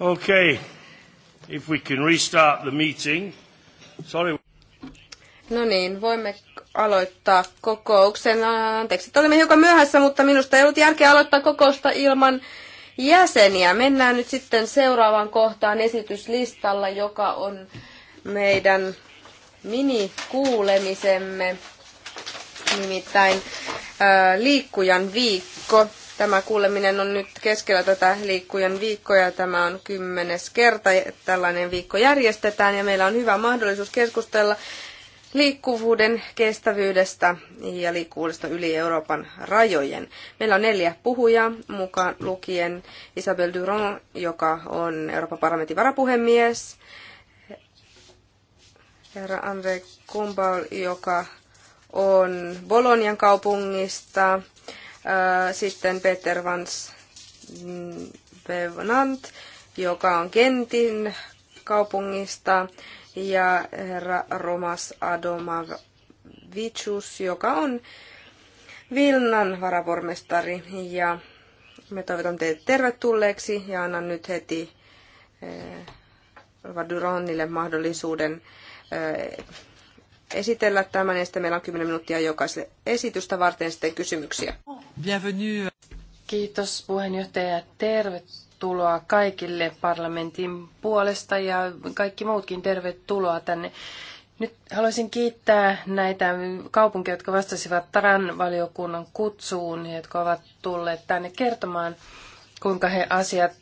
Okay. If we can restart the meeting. Sorry. No niin, voimme aloittaa kokouksen. Anteeksi, olemme hiukan myöhässä, mutta minusta ei ollut järkeä aloittaa kokousta ilman jäseniä. Mennään nyt sitten seuraavaan kohtaan esityslistalla, joka on meidän minikuulemisemme, nimittäin äh, liikkujan viikko. Tämä kuuleminen on nyt keskellä tätä liikkujen viikkoja. Tämä on kymmenes kerta, tällainen viikko järjestetään ja meillä on hyvä mahdollisuus keskustella liikkuvuuden kestävyydestä ja liikkuvuudesta yli Euroopan rajojen. Meillä on neljä puhujaa, mukaan lukien Isabel Durand, joka on Euroopan parlamentin varapuhemies, herra André Kumbal, joka on Bolonian kaupungista, Äh, sitten Peter Vans Bevenant, joka on Kentin kaupungista, ja herra Romas Adomavicius, joka on Vilnan varapormestari. Ja me toivotan teidät tervetulleeksi ja annan nyt heti Vaduronille äh, mahdollisuuden äh, esitellä tämän ja sitten meillä on 10 minuuttia jokaiselle esitystä varten sitten kysymyksiä. Bienvenue. Kiitos puheenjohtaja. Tervetuloa kaikille parlamentin puolesta ja kaikki muutkin tervetuloa tänne. Nyt haluaisin kiittää näitä kaupunkeja, jotka vastasivat Taran valiokunnan kutsuun, jotka ovat tulleet tänne kertomaan, kuinka he asiat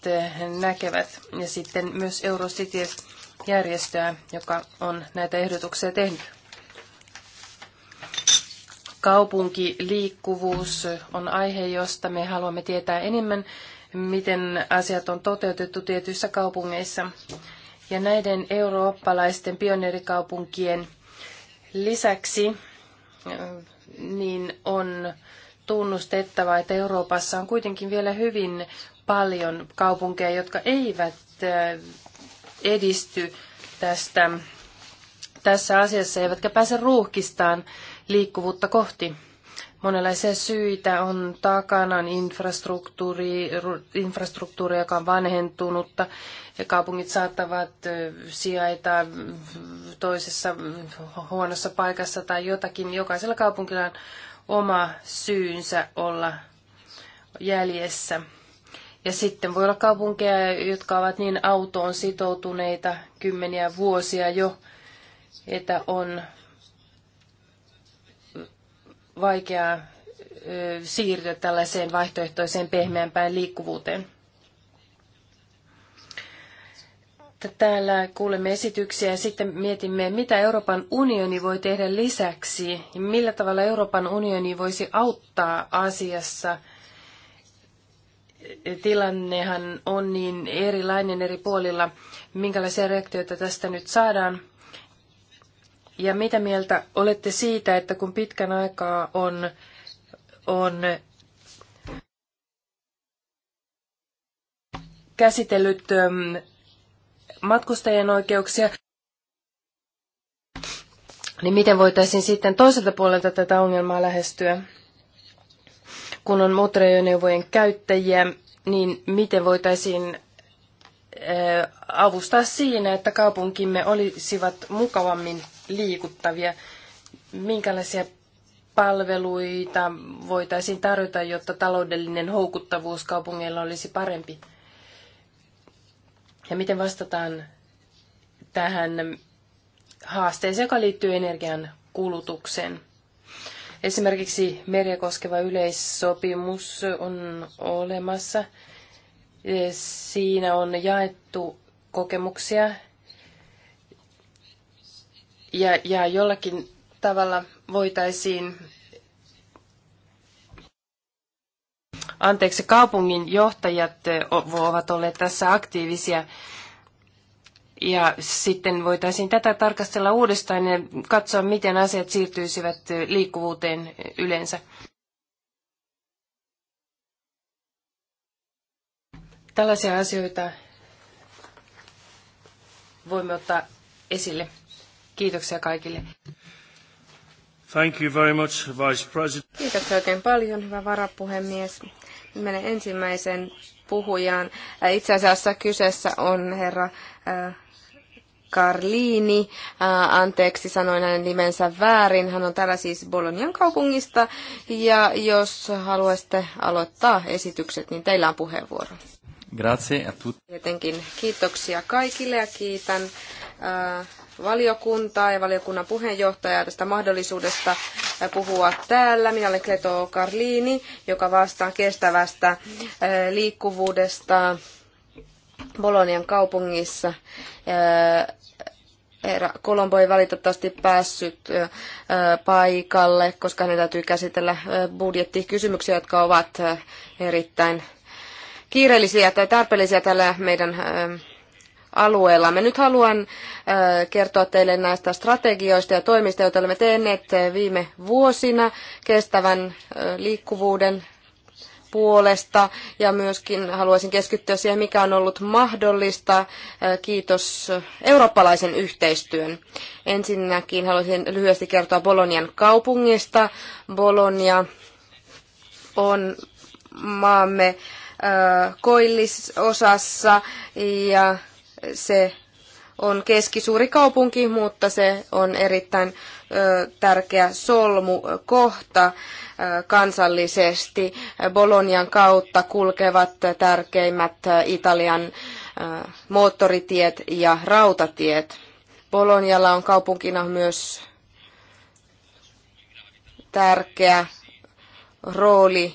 näkevät. Ja sitten myös Eurocities-järjestöä, joka on näitä ehdotuksia tehnyt kaupunkiliikkuvuus on aihe, josta me haluamme tietää enemmän, miten asiat on toteutettu tietyissä kaupungeissa. Ja näiden eurooppalaisten pioneerikaupunkien lisäksi niin on tunnustettava, että Euroopassa on kuitenkin vielä hyvin paljon kaupunkeja, jotka eivät edisty tästä, tässä asiassa, eivätkä pääse ruuhkistaan liikkuvuutta kohti. Monenlaisia syitä on takana infrastruktuuri, infrastruktuuri, joka on vanhentunutta. Ja kaupungit saattavat sijaita toisessa huonossa paikassa tai jotakin. Jokaisella kaupunkilla on oma syynsä olla jäljessä. Ja sitten voi olla kaupunkeja, jotka ovat niin autoon sitoutuneita kymmeniä vuosia jo, että on vaikeaa siirtyä tällaiseen vaihtoehtoiseen pehmeämpään liikkuvuuteen. Täällä kuulemme esityksiä ja sitten mietimme, mitä Euroopan unioni voi tehdä lisäksi ja millä tavalla Euroopan unioni voisi auttaa asiassa. Tilannehan on niin erilainen eri puolilla. Minkälaisia reaktioita tästä nyt saadaan? Ja mitä mieltä olette siitä, että kun pitkän aikaa on, on käsitellyt ähm, matkustajien oikeuksia, niin miten voitaisiin sitten toiselta puolelta tätä ongelmaa lähestyä? Kun on moottoriajoneuvojen käyttäjiä, niin miten voitaisiin äh, avustaa siinä, että kaupunkimme olisivat mukavammin liikuttavia. Minkälaisia palveluita voitaisiin tarjota, jotta taloudellinen houkuttavuus kaupungeilla olisi parempi? Ja miten vastataan tähän haasteeseen, joka liittyy energian kulutukseen? Esimerkiksi meriä koskeva yleissopimus on olemassa. Siinä on jaettu kokemuksia ja, ja jollakin tavalla voitaisiin anteeksi, kaupungin johtajat ovat olleet tässä aktiivisia. Ja sitten voitaisiin tätä tarkastella uudestaan ja katsoa, miten asiat siirtyisivät liikkuvuuteen yleensä. Tällaisia asioita voimme ottaa esille. Kiitoksia kaikille. Thank you very much, Vice President. Kiitoksia oikein paljon, hyvä varapuhemies. Menen ensimmäisen puhujaan. Äh, itse asiassa kyseessä on herra äh, Karliini. Äh, anteeksi, sanoin hänen nimensä väärin. Hän on täällä siis Bolonian kaupungista. Ja jos haluaisitte aloittaa esitykset, niin teillä on puheenvuoro. Grazie a tutti. Tietenkin kiitoksia kaikille ja kiitän valiokuntaa ja valiokunnan puheenjohtajaa tästä mahdollisuudesta puhua täällä. Minä olen Kleto Karliini, joka vastaa kestävästä liikkuvuudesta Bolonian kaupungissa. Herra Kolombo ei valitettavasti päässyt paikalle, koska hänen täytyy käsitellä budjettikysymyksiä, jotka ovat erittäin kiireellisiä tai tarpeellisia tällä meidän alueella. Me nyt haluan kertoa teille näistä strategioista ja toimista, joita olemme tehneet viime vuosina kestävän liikkuvuuden puolesta ja myöskin haluaisin keskittyä siihen, mikä on ollut mahdollista. Kiitos eurooppalaisen yhteistyön. Ensinnäkin haluaisin lyhyesti kertoa Bolonian kaupungista. Bolonia on maamme koillisosassa ja se on keskisuuri kaupunki, mutta se on erittäin tärkeä solmukohta kansallisesti. Bolonian kautta kulkevat tärkeimmät Italian moottoritiet ja rautatiet. Bolonialla on kaupunkina myös tärkeä rooli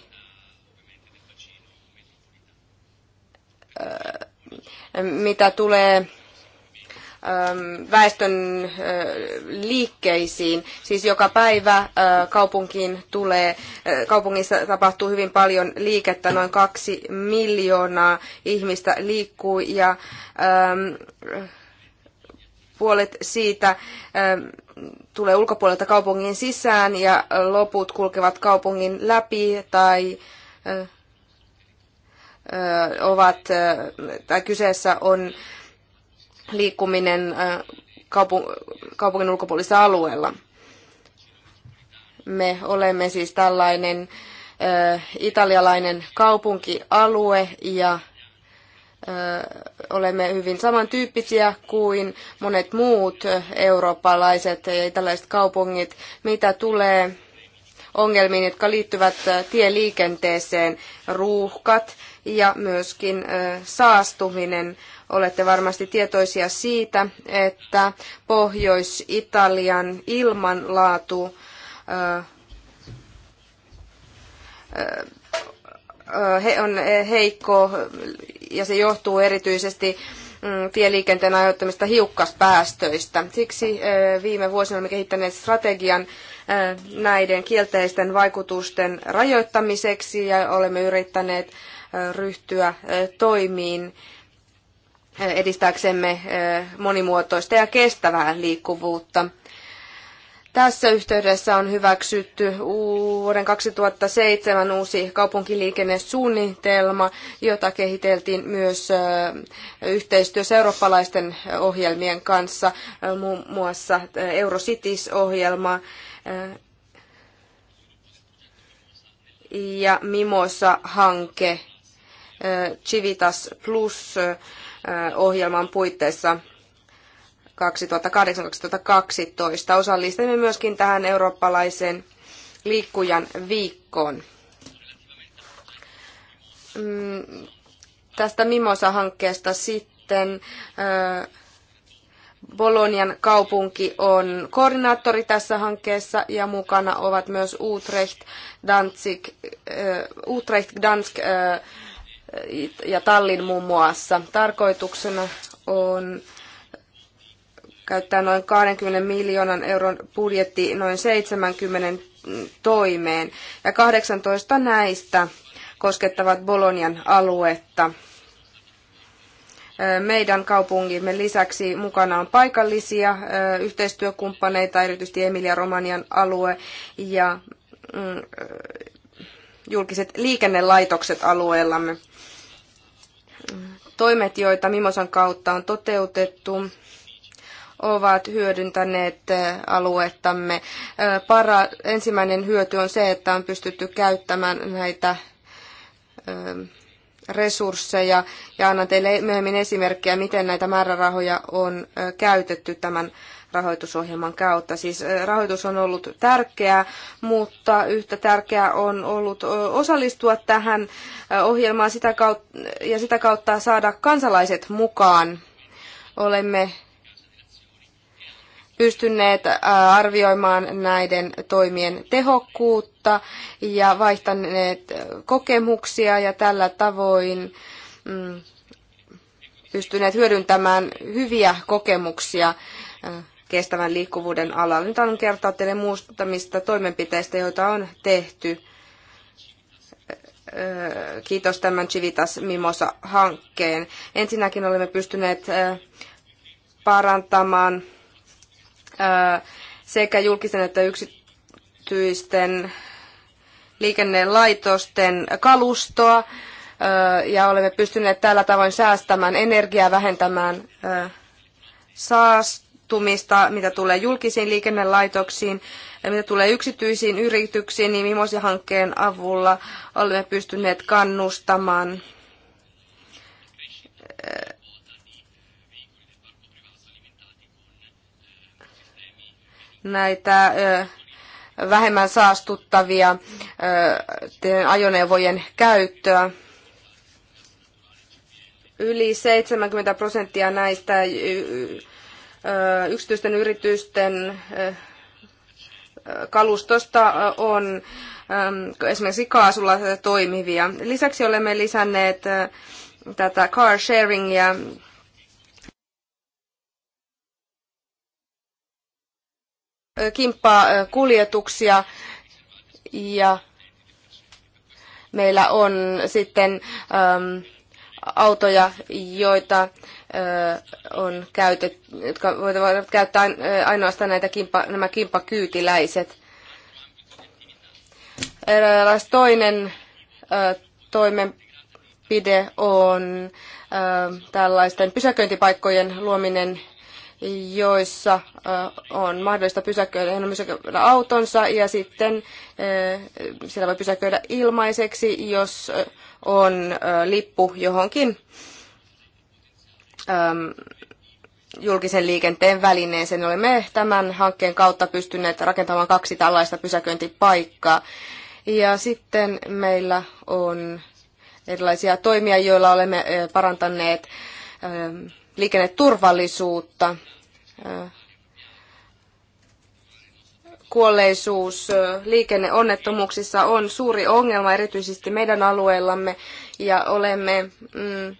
Mitä tulee ähm, väestön äh, liikkeisiin. Siis joka päivä äh, kaupunkiin tulee, äh, kaupungissa tapahtuu hyvin paljon liikettä, noin kaksi miljoonaa ihmistä liikkuu ja ähm, puolet siitä ähm, tulee ulkopuolelta kaupungin sisään ja loput kulkevat kaupungin läpi tai ovat, tai kyseessä on liikkuminen kaupungin ulkopuolisella alueella. Me olemme siis tällainen italialainen kaupunkialue ja olemme hyvin samantyyppisiä kuin monet muut eurooppalaiset ja italialaiset kaupungit, mitä tulee ongelmiin, jotka liittyvät äh, tieliikenteeseen, ruuhkat ja myöskin äh, saastuminen. Olette varmasti tietoisia siitä, että Pohjois-Italian ilmanlaatu äh, on heikko ja se johtuu erityisesti mm, tieliikenteen aiheuttamista hiukkaspäästöistä. Siksi viime vuosina olemme kehittäneet strategian näiden kielteisten vaikutusten rajoittamiseksi ja olemme yrittäneet ryhtyä toimiin edistääksemme monimuotoista ja kestävää liikkuvuutta. Tässä yhteydessä on hyväksytty vuoden 2007 uusi kaupunkiliikennesuunnitelma, jota kehiteltiin myös yhteistyössä eurooppalaisten ohjelmien kanssa, muun muassa Eurocities-ohjelma ja Mimosa-hanke Civitas Plus-ohjelman puitteissa 2008-2012. Osallistimme myöskin tähän eurooppalaiseen liikkujan viikkoon. Mm, tästä Mimosa-hankkeesta sitten Bolonian kaupunki on koordinaattori tässä hankkeessa ja mukana ovat myös Utrecht, Danzig, äh, Utrecht, Dansk äh, ja Tallin muun muassa. Tarkoituksena on käyttää noin 20 miljoonan euron budjetti noin 70 toimeen ja 18 näistä koskettavat Bolonian aluetta meidän kaupungimme lisäksi mukana on paikallisia yhteistyökumppaneita, erityisesti Emilia-Romanian alue ja mm, julkiset liikennelaitokset alueellamme. Toimet, joita Mimosan kautta on toteutettu, ovat hyödyntäneet aluettamme. Para, ensimmäinen hyöty on se, että on pystytty käyttämään näitä resursseja ja annan teille myöhemmin esimerkkejä, miten näitä määrärahoja on käytetty tämän rahoitusohjelman kautta. Siis rahoitus on ollut tärkeää, mutta yhtä tärkeää on ollut osallistua tähän ohjelmaan sitä kautta, ja sitä kautta saada kansalaiset mukaan. Olemme pystyneet äh, arvioimaan näiden toimien tehokkuutta ja vaihtaneet äh, kokemuksia ja tällä tavoin mm, pystyneet hyödyntämään hyviä kokemuksia äh, kestävän liikkuvuuden alalla. Nyt haluan kertoa teille muistamista toimenpiteistä, joita on tehty. Kiitos tämän Civitas Mimosa-hankkeen. Ensinnäkin olemme pystyneet parantamaan sekä julkisen että yksityisten liikennelaitosten kalustoa ja olemme pystyneet tällä tavoin säästämään energiaa, vähentämään saastumista, mitä tulee julkisiin liikennelaitoksiin ja mitä tulee yksityisiin yrityksiin, niin Mimosi-hankkeen avulla olemme pystyneet kannustamaan näitä vähemmän saastuttavia ajoneuvojen käyttöä. Yli 70 prosenttia näistä yksityisten yritysten kalustosta on esimerkiksi kaasulla toimivia. Lisäksi olemme lisänneet tätä car sharingia kimppaa kuljetuksia ja meillä on sitten äm, autoja, joita on käytet, jotka voivat käyttää ainoastaan näitä kimppa nämä kimppakyytiläiset. Eräs toinen toimenpide on tällaisten pysäköintipaikkojen luominen joissa on mahdollista pysäköidä, hän on pysäköidä autonsa ja sitten siellä voi pysäköidä ilmaiseksi, jos on lippu johonkin julkisen liikenteen välineeseen. Olemme tämän hankkeen kautta pystyneet rakentamaan kaksi tällaista pysäköintipaikkaa. Ja sitten meillä on erilaisia toimia, joilla olemme parantaneet liikenneturvallisuutta kuolleisuus liikenneonnettomuuksissa on suuri ongelma erityisesti meidän alueellamme ja olemme mm,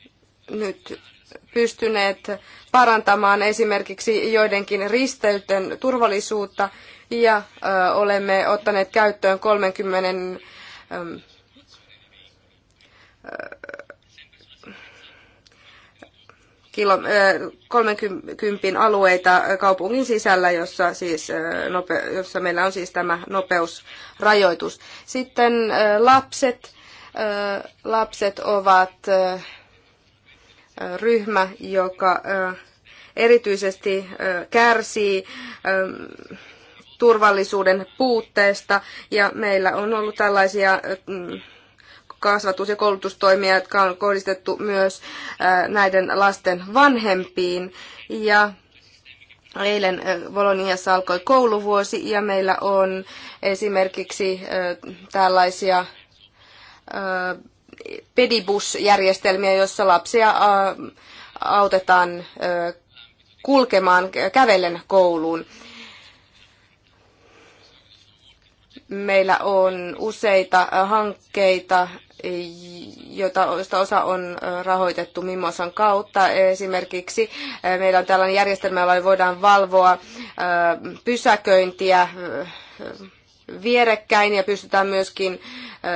nyt pystyneet parantamaan esimerkiksi joidenkin risteyten turvallisuutta ja ö, olemme ottaneet käyttöön 30 ö, kilo, 30 alueita kaupungin sisällä, jossa, siis, nope, jossa meillä on siis tämä nopeusrajoitus. Sitten lapset. Lapset ovat ryhmä, joka erityisesti kärsii turvallisuuden puutteesta ja meillä on ollut tällaisia kasvatus- ja koulutustoimia, jotka on kohdistettu myös näiden lasten vanhempiin. Ja Eilen Voloniassa alkoi kouluvuosi ja meillä on esimerkiksi tällaisia pedibusjärjestelmiä, jossa lapsia autetaan kulkemaan kävellen kouluun. Meillä on useita hankkeita jota, josta osa on rahoitettu Mimosan kautta. Esimerkiksi meillä on tällainen järjestelmä, jolla voidaan valvoa pysäköintiä vierekkäin ja pystytään myöskin,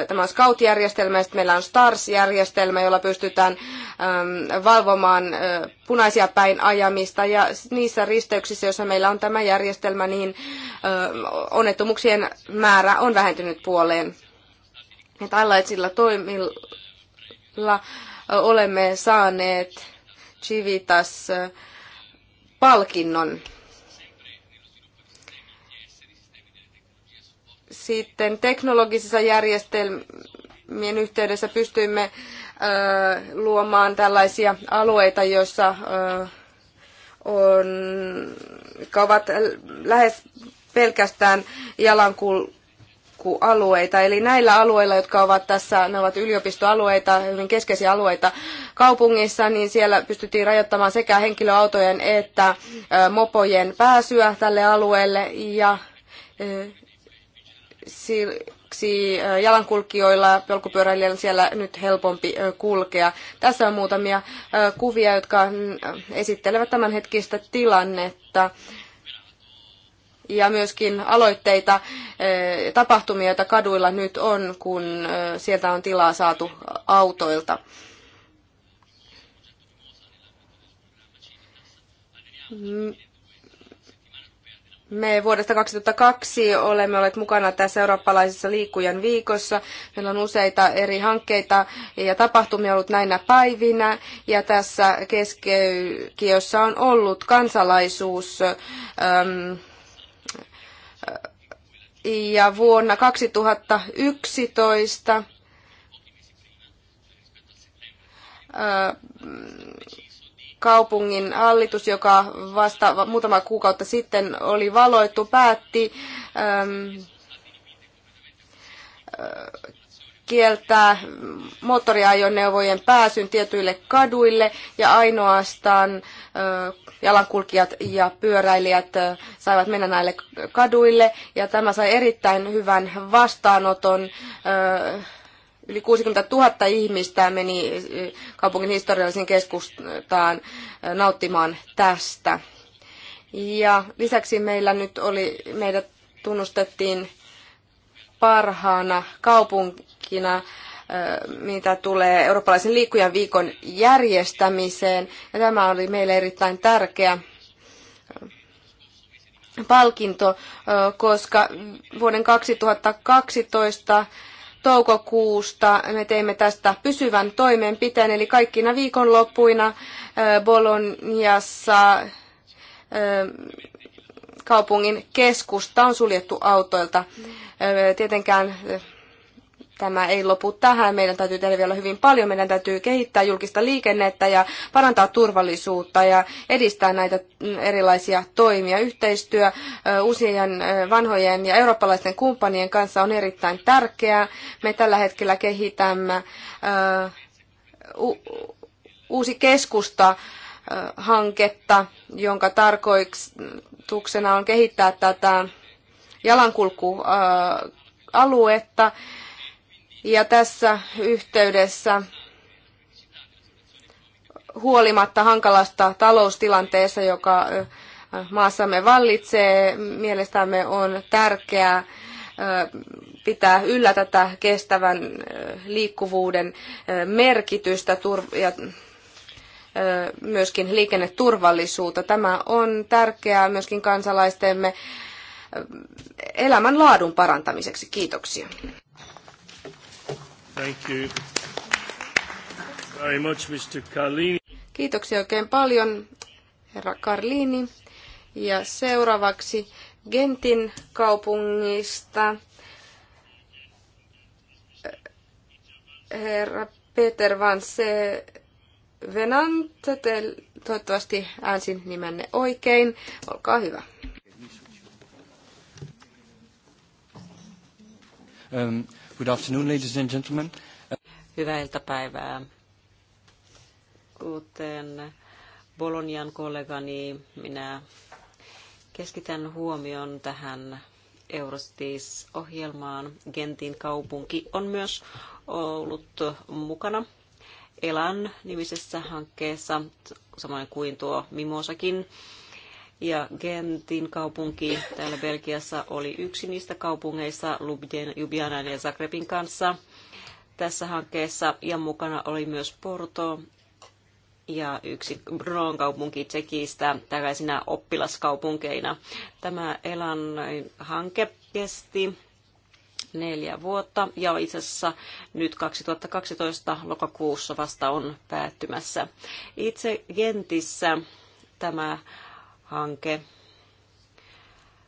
tämä on Scout-järjestelmä ja sitten meillä on Stars-järjestelmä, jolla pystytään valvomaan punaisia päin ajamista ja niissä risteyksissä, joissa meillä on tämä järjestelmä, niin onnettomuuksien määrä on vähentynyt puoleen ja niin tällaisilla toimilla olemme saaneet Civitas palkinnon. Sitten teknologisissa järjestelmien yhteydessä pystyimme luomaan tällaisia alueita, joissa on, jotka ovat lähes pelkästään jalankul akkualueita. Eli näillä alueilla, jotka ovat tässä, ne ovat yliopistoalueita, hyvin keskeisiä alueita kaupungissa, niin siellä pystyttiin rajoittamaan sekä henkilöautojen että mopojen pääsyä tälle alueelle. Ja siksi jalankulkijoilla ja polkupyöräilijöillä siellä nyt helpompi kulkea. Tässä on muutamia kuvia, jotka mm, esittelevät tämänhetkistä tilannetta ja myöskin aloitteita, eh, tapahtumia, joita kaduilla nyt on, kun eh, sieltä on tilaa saatu autoilta. Me vuodesta 2002 olemme olleet mukana tässä eurooppalaisessa liikkujan viikossa. Meillä on useita eri hankkeita ja tapahtumia ollut näinä päivinä. Ja tässä keskeykiössä on ollut kansalaisuus. Ähm, ja vuonna 2011 kaupungin hallitus, joka vasta muutama kuukautta sitten oli valoittu, päätti kieltää moottoriajoneuvojen pääsyn tietyille kaduille ja ainoastaan jalankulkijat ja pyöräilijät äh, saivat mennä näille kaduille ja tämä sai erittäin hyvän vastaanoton. Äh, yli 60 000 ihmistä meni äh, kaupungin historiallisen keskustaan nauttimaan tästä. Ja lisäksi meillä nyt oli, meidät tunnustettiin parhaana kaupunkina mitä tulee eurooppalaisen liikkujan viikon järjestämiseen. Ja tämä oli meille erittäin tärkeä palkinto, koska vuoden 2012 toukokuusta me teimme tästä pysyvän toimenpiteen, eli kaikkina viikonloppuina Boloniassa kaupungin keskusta on suljettu autoilta. Tietenkään tämä ei lopu tähän. Meidän täytyy tehdä vielä hyvin paljon. Meidän täytyy kehittää julkista liikennettä ja parantaa turvallisuutta ja edistää näitä mm, erilaisia toimia. Yhteistyö uusien vanhojen ja eurooppalaisten kumppanien kanssa on erittäin tärkeää. Me tällä hetkellä kehitämme uusi keskusta hanketta, jonka tarkoituksena on kehittää tätä jalankulkualuetta. Ja tässä yhteydessä huolimatta hankalasta taloustilanteessa, joka maassamme vallitsee, mielestämme on tärkeää pitää yllä tätä kestävän liikkuvuuden merkitystä ja myöskin liikenneturvallisuutta. Tämä on tärkeää myöskin kansalaistemme elämänlaadun parantamiseksi. Kiitoksia. Thank you very much, Mr. Carlini. Kiitoksia oikein paljon, herra Carlini Ja seuraavaksi Gentin kaupungista herra Peter Van se Venant, te toivottavasti äänsin nimenne oikein. Olkaa hyvä. Um, Good afternoon, ladies and gentlemen. Hyvää iltapäivää. Kuten Bolonian kollegani, minä keskitän huomion tähän Eurostis-ohjelmaan. Gentin kaupunki on myös ollut mukana Elan nimisessä hankkeessa, samoin kuin tuo Mimosakin ja Gentin kaupunki täällä Belgiassa oli yksi niistä kaupungeista Ljubljanan ja Zagrebin kanssa tässä hankkeessa ja mukana oli myös Porto ja yksi Brnon kaupunki Tsekistä tällaisina oppilaskaupunkeina. Tämä Elan hanke kesti neljä vuotta ja itse asiassa nyt 2012 lokakuussa vasta on päättymässä. Itse Gentissä tämä hanke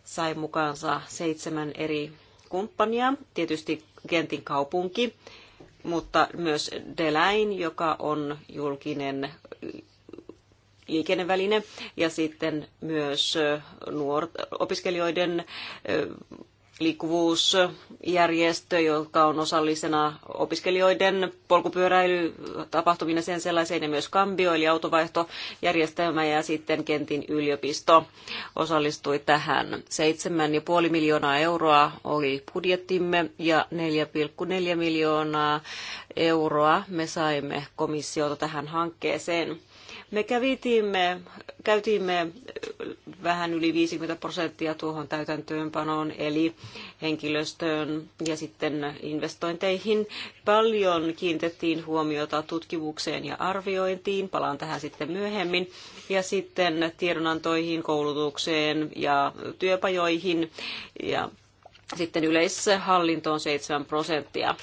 sai mukaansa seitsemän eri kumppania, tietysti Gentin kaupunki, mutta myös Delain, joka on julkinen liikenneväline, ja sitten myös nuort, opiskelijoiden liikkuvuusjärjestö, joka on osallisena opiskelijoiden polkupyöräilytapahtumiin ja sen sellaiseen, ja myös Kambio, eli autovaihtojärjestelmä, ja sitten Kentin yliopisto osallistui tähän. 7,5 miljoonaa euroa oli budjettimme, ja 4,4 miljoonaa euroa me saimme komissiolta tähän hankkeeseen. Me kävitimme, käytimme vähän yli 50 prosenttia tuohon täytäntöönpanoon, eli henkilöstöön ja sitten investointeihin. Paljon kiinnitettiin huomiota tutkimukseen ja arviointiin, palaan tähän sitten myöhemmin, ja sitten tiedonantoihin, koulutukseen ja työpajoihin ja sitten yleishallinto on 7 prosenttia.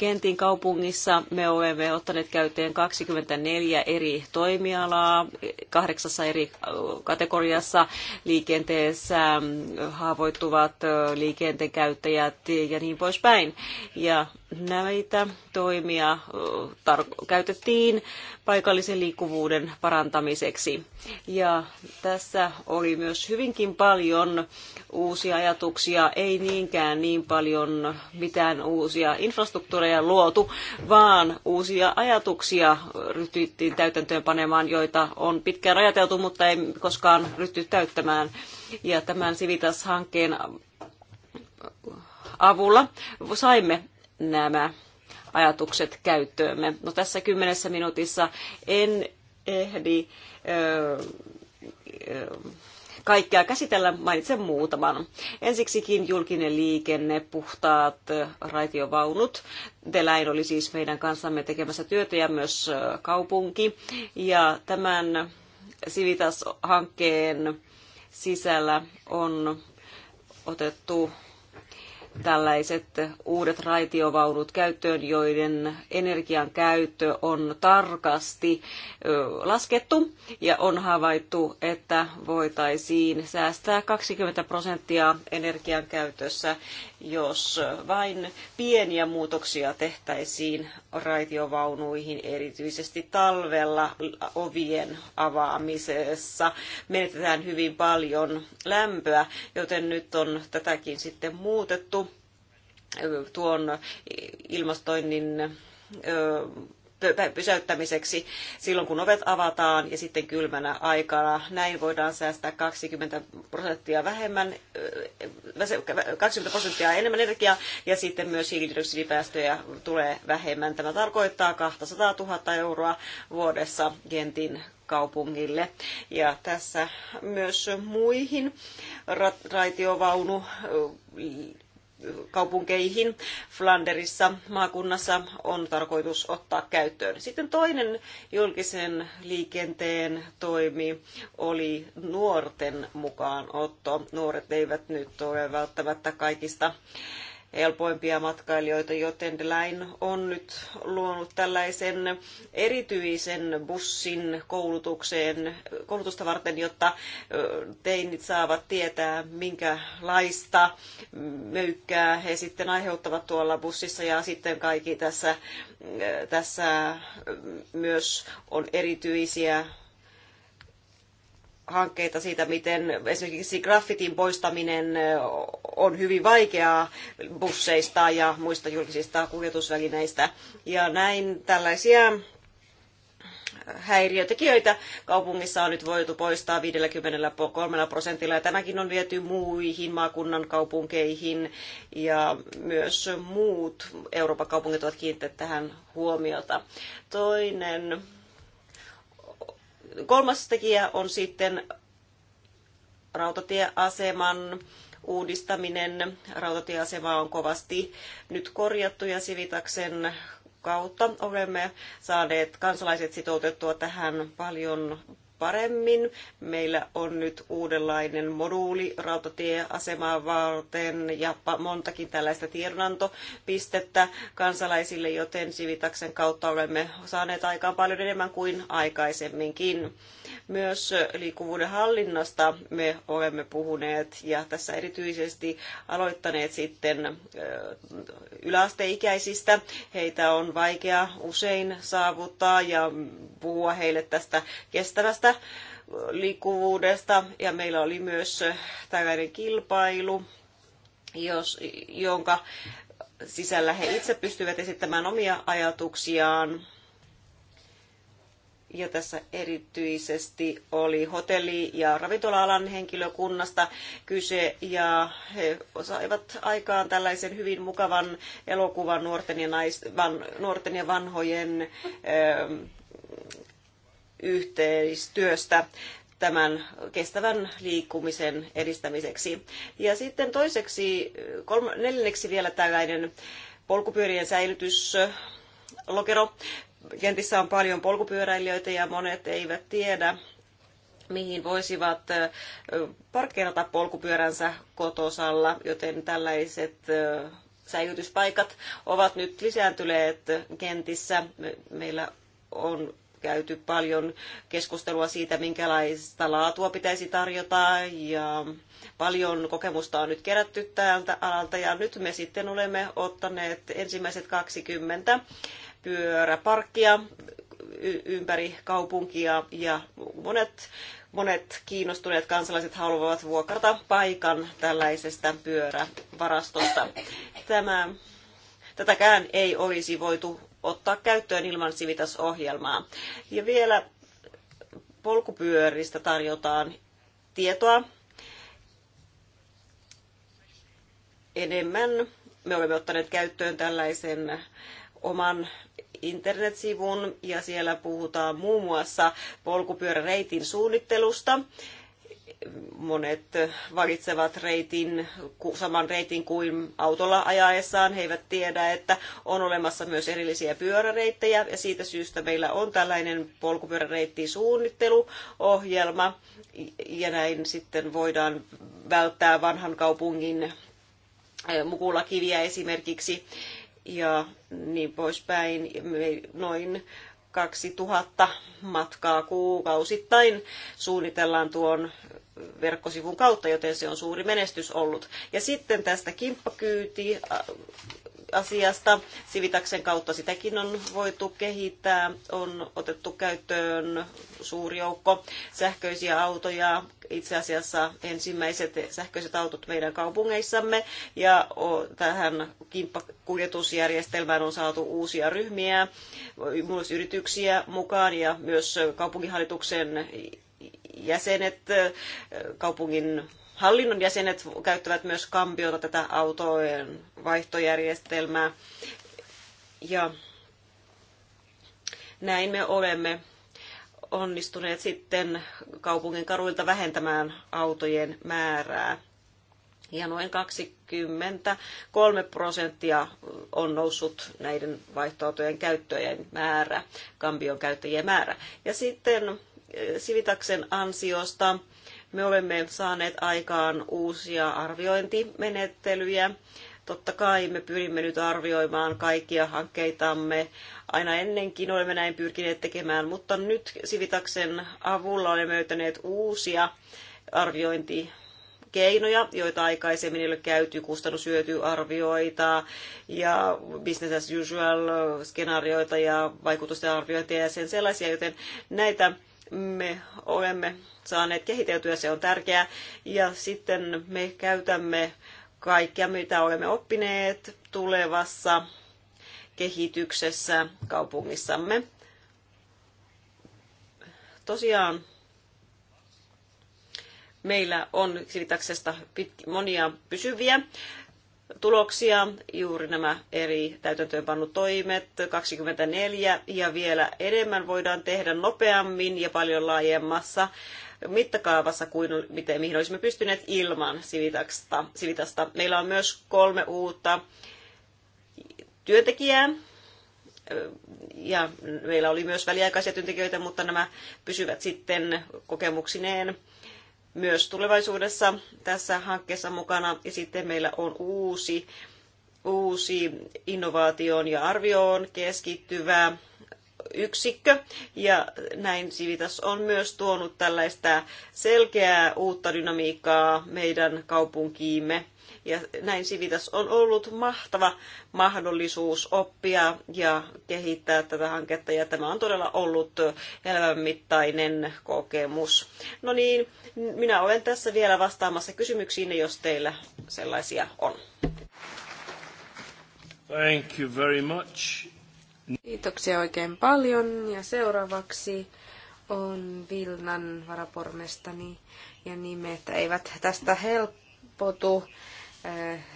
Gentin kaupungissa me olemme ottaneet käyttöön 24 eri toimialaa, kahdeksassa eri kategoriassa liikenteessä haavoittuvat liikenteen käyttäjät ja niin poispäin. Ja näitä toimia käytettiin paikallisen liikkuvuuden parantamiseksi. Ja tässä oli myös hyvinkin paljon uusia ajatuksia, ei niinkään niin paljon mitään uusia infrastruktuureja luotu, vaan uusia ajatuksia ryhtyttiin täytäntöön panemaan, joita on pitkään ajateltu, mutta ei koskaan ryhty täyttämään. Ja tämän Sivitas-hankkeen avulla saimme nämä ajatukset käyttöömme. No tässä kymmenessä minuutissa en ehdi ö, ö, kaikkea käsitellä, mainitsen muutaman. Ensiksikin julkinen liikenne, puhtaat raitiovaunut. Deläin oli siis meidän kanssamme tekemässä työtä ja myös kaupunki. Ja tämän Sivitas-hankkeen sisällä on otettu tällaiset uudet raitiovaunut käyttöön, joiden energian käyttö on tarkasti laskettu ja on havaittu, että voitaisiin säästää 20 prosenttia energian käytössä jos vain pieniä muutoksia tehtäisiin raitiovaunuihin, erityisesti talvella ovien avaamisessa. Menetetään hyvin paljon lämpöä, joten nyt on tätäkin sitten muutettu tuon ilmastoinnin pysäyttämiseksi silloin, kun ovet avataan ja sitten kylmänä aikana. Näin voidaan säästää 20 prosenttia vähemmän, 20 prosenttia enemmän energiaa ja sitten myös hiilidioksidipäästöjä tulee vähemmän. Tämä tarkoittaa 200 000 euroa vuodessa Gentin kaupungille. Ja tässä myös muihin raitiovaunu kaupunkeihin Flanderissa maakunnassa on tarkoitus ottaa käyttöön. Sitten toinen julkisen liikenteen toimi oli nuorten mukaanotto. Nuoret eivät nyt ole välttämättä kaikista helpoimpia matkailijoita, joten lain on nyt luonut tällaisen erityisen bussin koulutukseen, koulutusta varten, jotta teinit saavat tietää, minkälaista möykkää he sitten aiheuttavat tuolla bussissa ja sitten kaikki tässä, tässä myös on erityisiä hankkeita siitä, miten esimerkiksi graffitin poistaminen on hyvin vaikeaa busseista ja muista julkisista kuljetusvälineistä. Ja näin tällaisia häiriötekijöitä kaupungissa on nyt voitu poistaa 53 prosentilla ja tämäkin on viety muihin maakunnan kaupunkeihin ja myös muut Euroopan kaupungit ovat kiinnittäneet tähän huomiota. Toinen Kolmas tekijä on sitten rautatieaseman uudistaminen. Rautatieasema on kovasti nyt korjattu ja Sivitaksen kautta olemme saaneet kansalaiset sitoutettua tähän paljon paremmin. Meillä on nyt uudenlainen moduuli rautatieasemaa varten ja montakin tällaista tiedonantopistettä kansalaisille, joten Sivitaksen kautta olemme saaneet aikaan paljon enemmän kuin aikaisemminkin. Myös liikkuvuuden hallinnasta me olemme puhuneet ja tässä erityisesti aloittaneet sitten yläasteikäisistä. Heitä on vaikea usein saavuttaa ja puhua heille tästä kestävästä liikkuvuudesta ja meillä oli myös tällainen kilpailu, jos, jonka sisällä he itse pystyvät esittämään omia ajatuksiaan ja tässä erityisesti oli hotelli- ja ravintola-alan henkilökunnasta kyse, ja he saivat aikaan tällaisen hyvin mukavan elokuvan nuorten ja, nais, van, nuorten ja vanhojen ö, ähm, yhteistyöstä tämän kestävän liikkumisen edistämiseksi. Ja sitten toiseksi, kolme, neljänneksi vielä tällainen polkupyörien säilytys äh, lokero kentissä on paljon polkupyöräilijöitä ja monet eivät tiedä, mihin voisivat parkkeerata polkupyöränsä kotosalla, joten tällaiset säilytyspaikat ovat nyt lisääntyneet kentissä. Meillä on käyty paljon keskustelua siitä, minkälaista laatua pitäisi tarjota ja paljon kokemusta on nyt kerätty tältä alalta ja nyt me sitten olemme ottaneet ensimmäiset 20 pyöräparkkia ympäri kaupunkia ja monet monet kiinnostuneet kansalaiset haluavat vuokrata paikan tällaisesta pyörävarastosta. Tämä, tätäkään ei olisi voitu ottaa käyttöön ilman Civitas-ohjelmaa. Ja vielä polkupyöristä tarjotaan tietoa enemmän. Me olemme ottaneet käyttöön tällaisen oman internetsivun ja siellä puhutaan muun muassa polkupyöräreitin suunnittelusta monet valitsevat reitin, saman reitin kuin autolla ajaessaan. He eivät tiedä, että on olemassa myös erillisiä pyöräreittejä ja siitä syystä meillä on tällainen polkupyöräreittin suunnitteluohjelma ja näin sitten voidaan välttää vanhan kaupungin eh, mukulakiviä esimerkiksi ja niin poispäin. Noin 2000 matkaa kuukausittain suunnitellaan tuon verkkosivun kautta, joten se on suuri menestys ollut. Ja sitten tästä kimppakyyti asiasta. Sivitaksen kautta sitäkin on voitu kehittää. On otettu käyttöön suuri joukko sähköisiä autoja, itse asiassa ensimmäiset sähköiset autot meidän kaupungeissamme ja tähän kimppakuljetusjärjestelmään on saatu uusia ryhmiä, myös yrityksiä mukaan ja myös kaupunginhallituksen jäsenet, kaupungin hallinnon jäsenet käyttävät myös kampiota tätä autojen vaihtojärjestelmää. Ja näin me olemme onnistuneet sitten kaupungin karuilta vähentämään autojen määrää. Ja noin 23 prosenttia on noussut näiden vaihtoautojen käyttöjen määrä, Kambion käyttäjien määrä. Ja sitten Sivitaksen ansiosta me olemme saaneet aikaan uusia arviointimenettelyjä. Totta kai me pyrimme nyt arvioimaan kaikkia hankkeitamme. Aina ennenkin olemme näin pyrkineet tekemään, mutta nyt Sivitaksen avulla olemme löytäneet uusia arviointi keinoja, joita aikaisemmin ei ole käyty, kustannushyötyarvioita ja business as usual skenaarioita ja vaikutusten arviointia ja sen sellaisia, joten näitä me olemme saaneet kehiteltyä, se on tärkeää. Ja sitten me käytämme kaikkea, mitä olemme oppineet tulevassa kehityksessä kaupungissamme. Tosiaan meillä on Sivitaksesta monia pysyviä tuloksia, juuri nämä eri täytäntöönpannut toimet, 24 ja vielä enemmän voidaan tehdä nopeammin ja paljon laajemmassa mittakaavassa kuin miten, mihin olisimme pystyneet ilman Civitasta. Civitasta. Meillä on myös kolme uutta työntekijää, ja meillä oli myös väliaikaisia työntekijöitä, mutta nämä pysyvät sitten kokemuksineen myös tulevaisuudessa tässä hankkeessa mukana. Ja sitten meillä on uusi, uusi innovaatioon ja arvioon keskittyvä yksikkö. Ja näin Sivitas on myös tuonut tällaista selkeää uutta dynamiikkaa meidän kaupunkiimme ja näin Sivitas on ollut mahtava mahdollisuus oppia ja kehittää tätä hanketta ja tämä on todella ollut elämänmittainen kokemus. No niin, minä olen tässä vielä vastaamassa kysymyksiin, jos teillä sellaisia on. Thank you very much. Kiitoksia oikein paljon ja seuraavaksi on Vilnan varapormestani ja nimet eivät tästä helpotu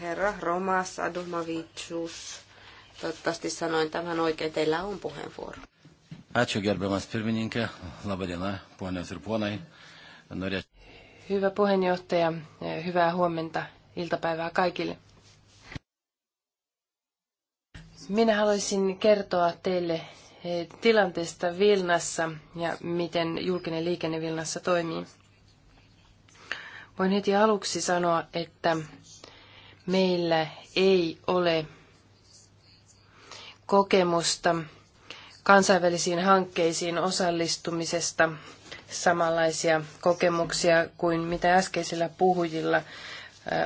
herra Romas Adomavicius. Toivottavasti sanoin tämän oikein. Teillä on puheenvuoro. Ačiū gerbiamas pirmininkė. diena, puhenios ir puonai. Hyvä puheenjohtaja, hyvää huomenta, iltapäivää kaikille. Minä haluaisin kertoa teille eh, tilanteesta Vilnassa ja miten julkinen liikenne Vilnassa toimii. Voin heti aluksi sanoa, että meillä ei ole kokemusta kansainvälisiin hankkeisiin osallistumisesta samanlaisia kokemuksia kuin mitä äskeisillä puhujilla äh,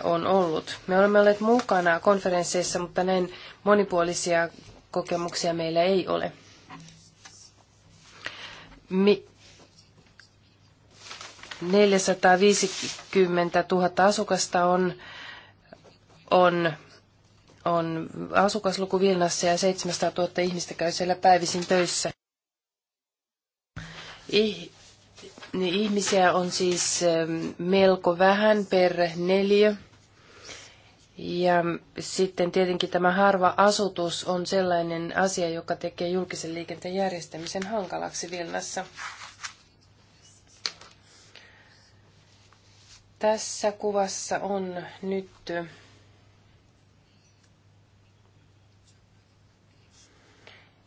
on ollut. Me olemme olleet mukana konferensseissa, mutta näin monipuolisia kokemuksia meillä ei ole. Mi- 450 000 asukasta on on, on asukasluku Vilnassa ja 700 000 ihmistä käy siellä päivisin töissä. Ih, niin ihmisiä on siis ähm, melko vähän per neljä. Ja sitten tietenkin tämä harva asutus on sellainen asia, joka tekee julkisen liikenteen järjestämisen hankalaksi Vilnassa. Tässä kuvassa on nyt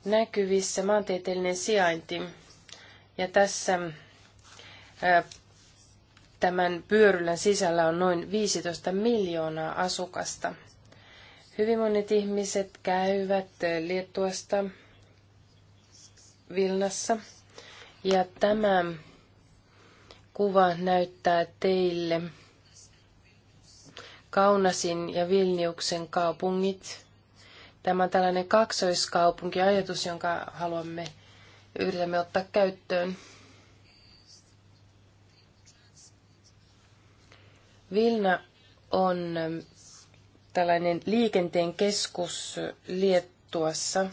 näkyvissä maantieteellinen sijainti. Ja tässä tämän pyörylän sisällä on noin 15 miljoonaa asukasta. Hyvin monet ihmiset käyvät Liettuasta Vilnassa. Ja tämä kuva näyttää teille Kaunasin ja Vilniuksen kaupungit Tämä on tällainen kaksoiskaupunkiajatus, jonka haluamme yritämme ottaa käyttöön. Vilna on tällainen liikenteen keskus Liettuassa.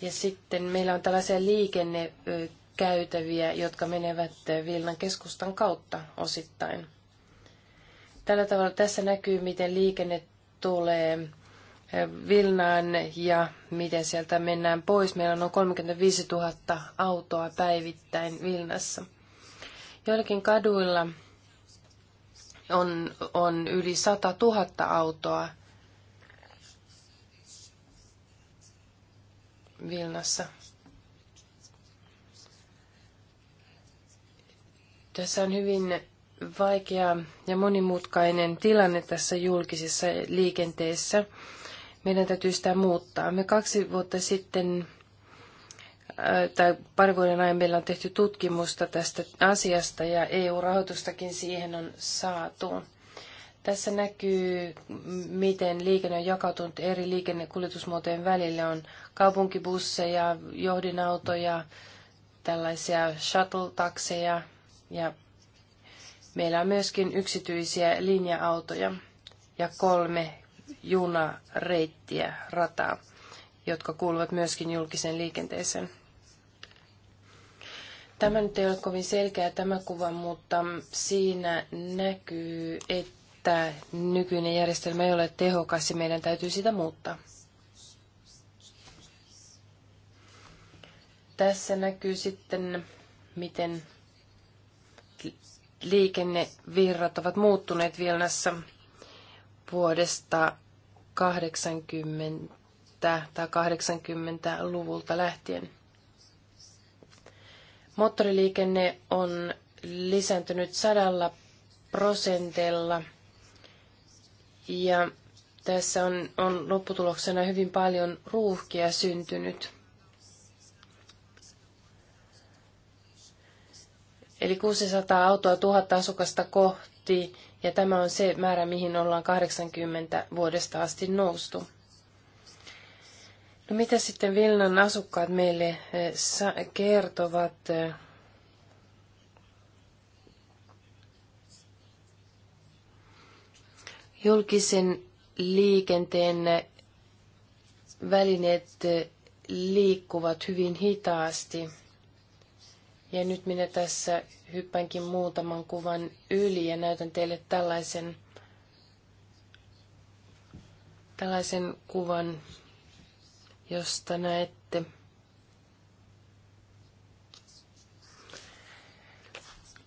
Ja sitten meillä on tällaisia liikennekäytäviä, jotka menevät Vilnan keskustan kautta osittain. Tällä tavalla tässä näkyy, miten liikenne tulee Vilnaan ja miten sieltä mennään pois. Meillä on noin 35 000 autoa päivittäin Vilnassa. Joillakin kaduilla on, on yli 100 000 autoa Vilnassa. Tässä on hyvin vaikea ja monimutkainen tilanne tässä julkisessa liikenteessä meidän täytyy sitä muuttaa. Me kaksi vuotta sitten äh, tai pari vuoden ajan meillä on tehty tutkimusta tästä asiasta ja EU-rahoitustakin siihen on saatu. Tässä näkyy, miten liikenne on jakautunut eri liikennekuljetusmuotojen välillä. On kaupunkibusseja, johdinautoja, tällaisia shuttle-takseja ja meillä on myöskin yksityisiä linja-autoja ja kolme junareittiä, rataa, jotka kuuluvat myöskin julkiseen liikenteeseen. Tämä nyt ei ole kovin selkeä tämä kuva, mutta siinä näkyy, että nykyinen järjestelmä ei ole tehokas ja meidän täytyy sitä muuttaa. Tässä näkyy sitten, miten liikennevirrat ovat muuttuneet Vilnassa vuodesta 80 tai 80-luvulta lähtien. Moottoriliikenne on lisääntynyt sadalla prosentilla ja tässä on, on lopputuloksena hyvin paljon ruuhkia syntynyt. Eli 600 autoa 1000 asukasta kohti ja tämä on se määrä, mihin ollaan 80 vuodesta asti noustu. No mitä sitten Vilnan asukkaat meille eh, kertovat? Eh, julkisen liikenteen välineet eh, liikkuvat hyvin hitaasti. Ja nyt minä tässä hyppänkin muutaman kuvan yli ja näytän teille tällaisen, tällaisen kuvan, josta näette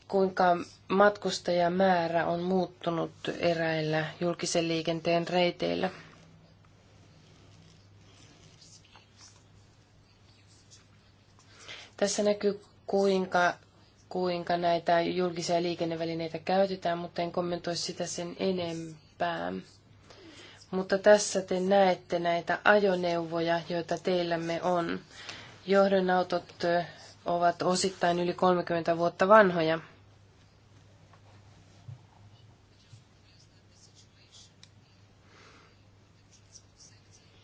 kuinka matkustajamäärä on muuttunut eräillä julkisen liikenteen reiteillä. Tässä näkyy kuinka, kuinka näitä julkisia liikennevälineitä käytetään, mutta en kommentoi sitä sen enempää. Mutta tässä te näette näitä ajoneuvoja, joita teillämme on. Johdonautot ovat osittain yli 30 vuotta vanhoja.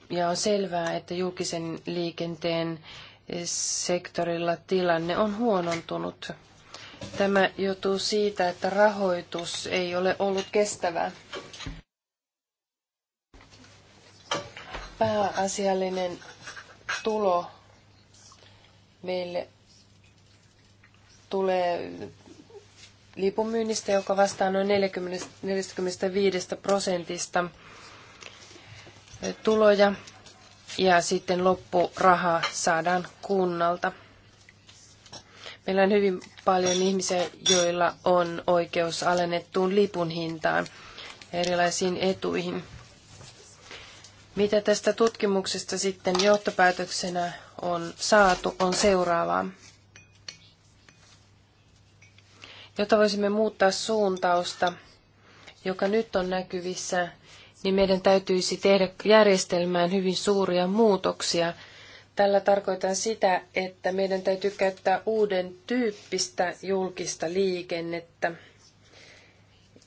Ja on selvää, että julkisen liikenteen sektorilla tilanne on huonontunut. Tämä johtuu siitä, että rahoitus ei ole ollut kestävää. Pääasiallinen tulo meille tulee lipunmyynnistä, joka vastaa noin 40, 45 prosentista tuloja ja sitten loppuraha saadaan kunnalta. Meillä on hyvin paljon ihmisiä, joilla on oikeus alennettuun lipun hintaan ja erilaisiin etuihin. Mitä tästä tutkimuksesta sitten johtopäätöksenä on saatu, on seuraavaa. Jotta voisimme muuttaa suuntausta, joka nyt on näkyvissä, niin meidän täytyisi tehdä järjestelmään hyvin suuria muutoksia. Tällä tarkoitan sitä, että meidän täytyy käyttää uuden tyyppistä julkista liikennettä,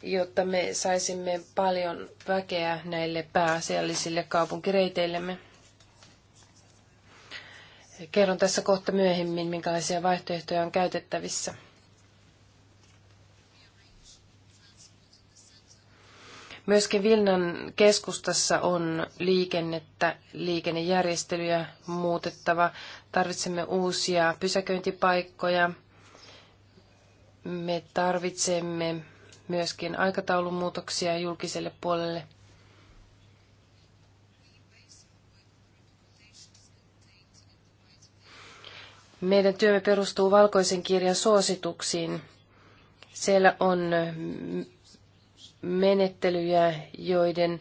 jotta me saisimme paljon väkeä näille pääasiallisille kaupunkireiteillemme. Kerron tässä kohta myöhemmin, minkälaisia vaihtoehtoja on käytettävissä. Myöskin Vilnan keskustassa on liikennettä, liikennejärjestelyjä muutettava. Tarvitsemme uusia pysäköintipaikkoja. Me tarvitsemme myöskin aikataulumuutoksia julkiselle puolelle. Meidän työmme perustuu valkoisen kirjan suosituksiin. Siellä on menettelyjä, joiden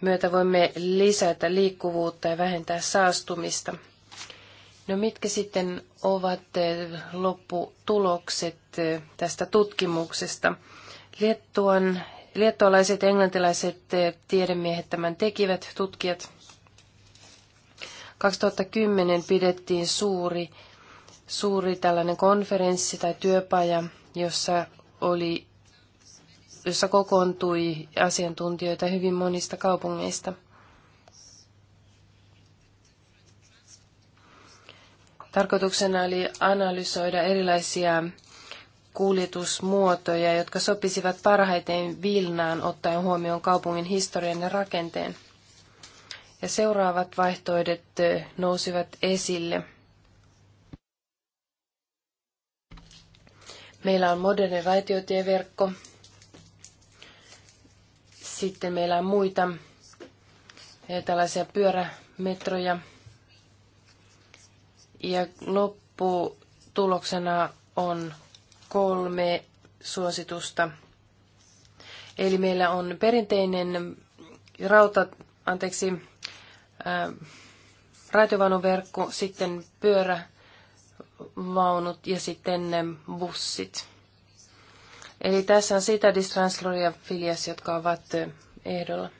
myötä voimme lisätä liikkuvuutta ja vähentää saastumista. No mitkä sitten ovat eh, lopputulokset eh, tästä tutkimuksesta? Liettuan, liettualaiset englantilaiset eh, tiedemiehet tämän tekivät, tutkijat. 2010 pidettiin suuri, suuri tällainen konferenssi tai työpaja, jossa oli jossa kokoontui asiantuntijoita hyvin monista kaupungeista. Tarkoituksena oli analysoida erilaisia kuljetusmuotoja, jotka sopisivat parhaiten Vilnaan ottaen huomioon kaupungin historian ja rakenteen. Ja seuraavat vaihtoehdot nousivat esille. Meillä on moderni raitiotieverkko, sitten meillä on muita eh, tällaisia pyörämetroja. Ja lopputuloksena on kolme suositusta. Eli meillä on perinteinen rauta, anteeksi, ää, äh, sitten pyörävaunut ja sitten bussit. Eli tässä on sitä distransloria Filias, jotka ovat ehdolla.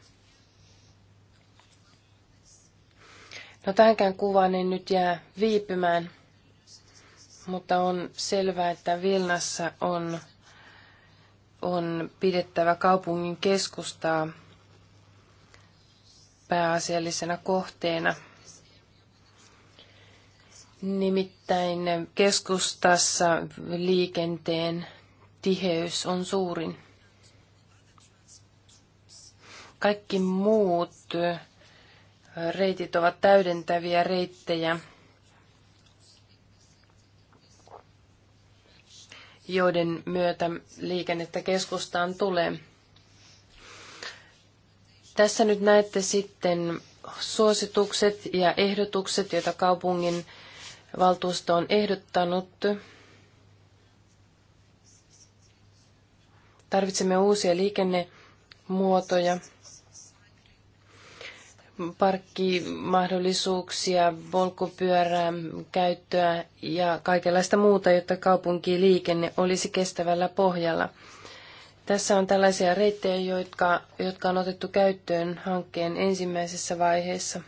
No tähänkään kuvaan en nyt jää viipymään, mutta on selvää, että Vilnassa on, on pidettävä kaupungin keskustaa pääasiallisena kohteena. Nimittäin keskustassa liikenteen tiheys on suurin. Kaikki muut reitit ovat täydentäviä reittejä, joiden myötä liikennettä keskustaan tulee. Tässä nyt näette sitten suositukset ja ehdotukset, joita kaupungin valtuusto on ehdottanut Tarvitsemme uusia liikennemuotoja, parkkimahdollisuuksia, polkupyörää, käyttöä ja kaikenlaista muuta, jotta kaupunkiliikenne olisi kestävällä pohjalla. Tässä on tällaisia reittejä, jotka, jotka on otettu käyttöön hankkeen ensimmäisessä vaiheessa.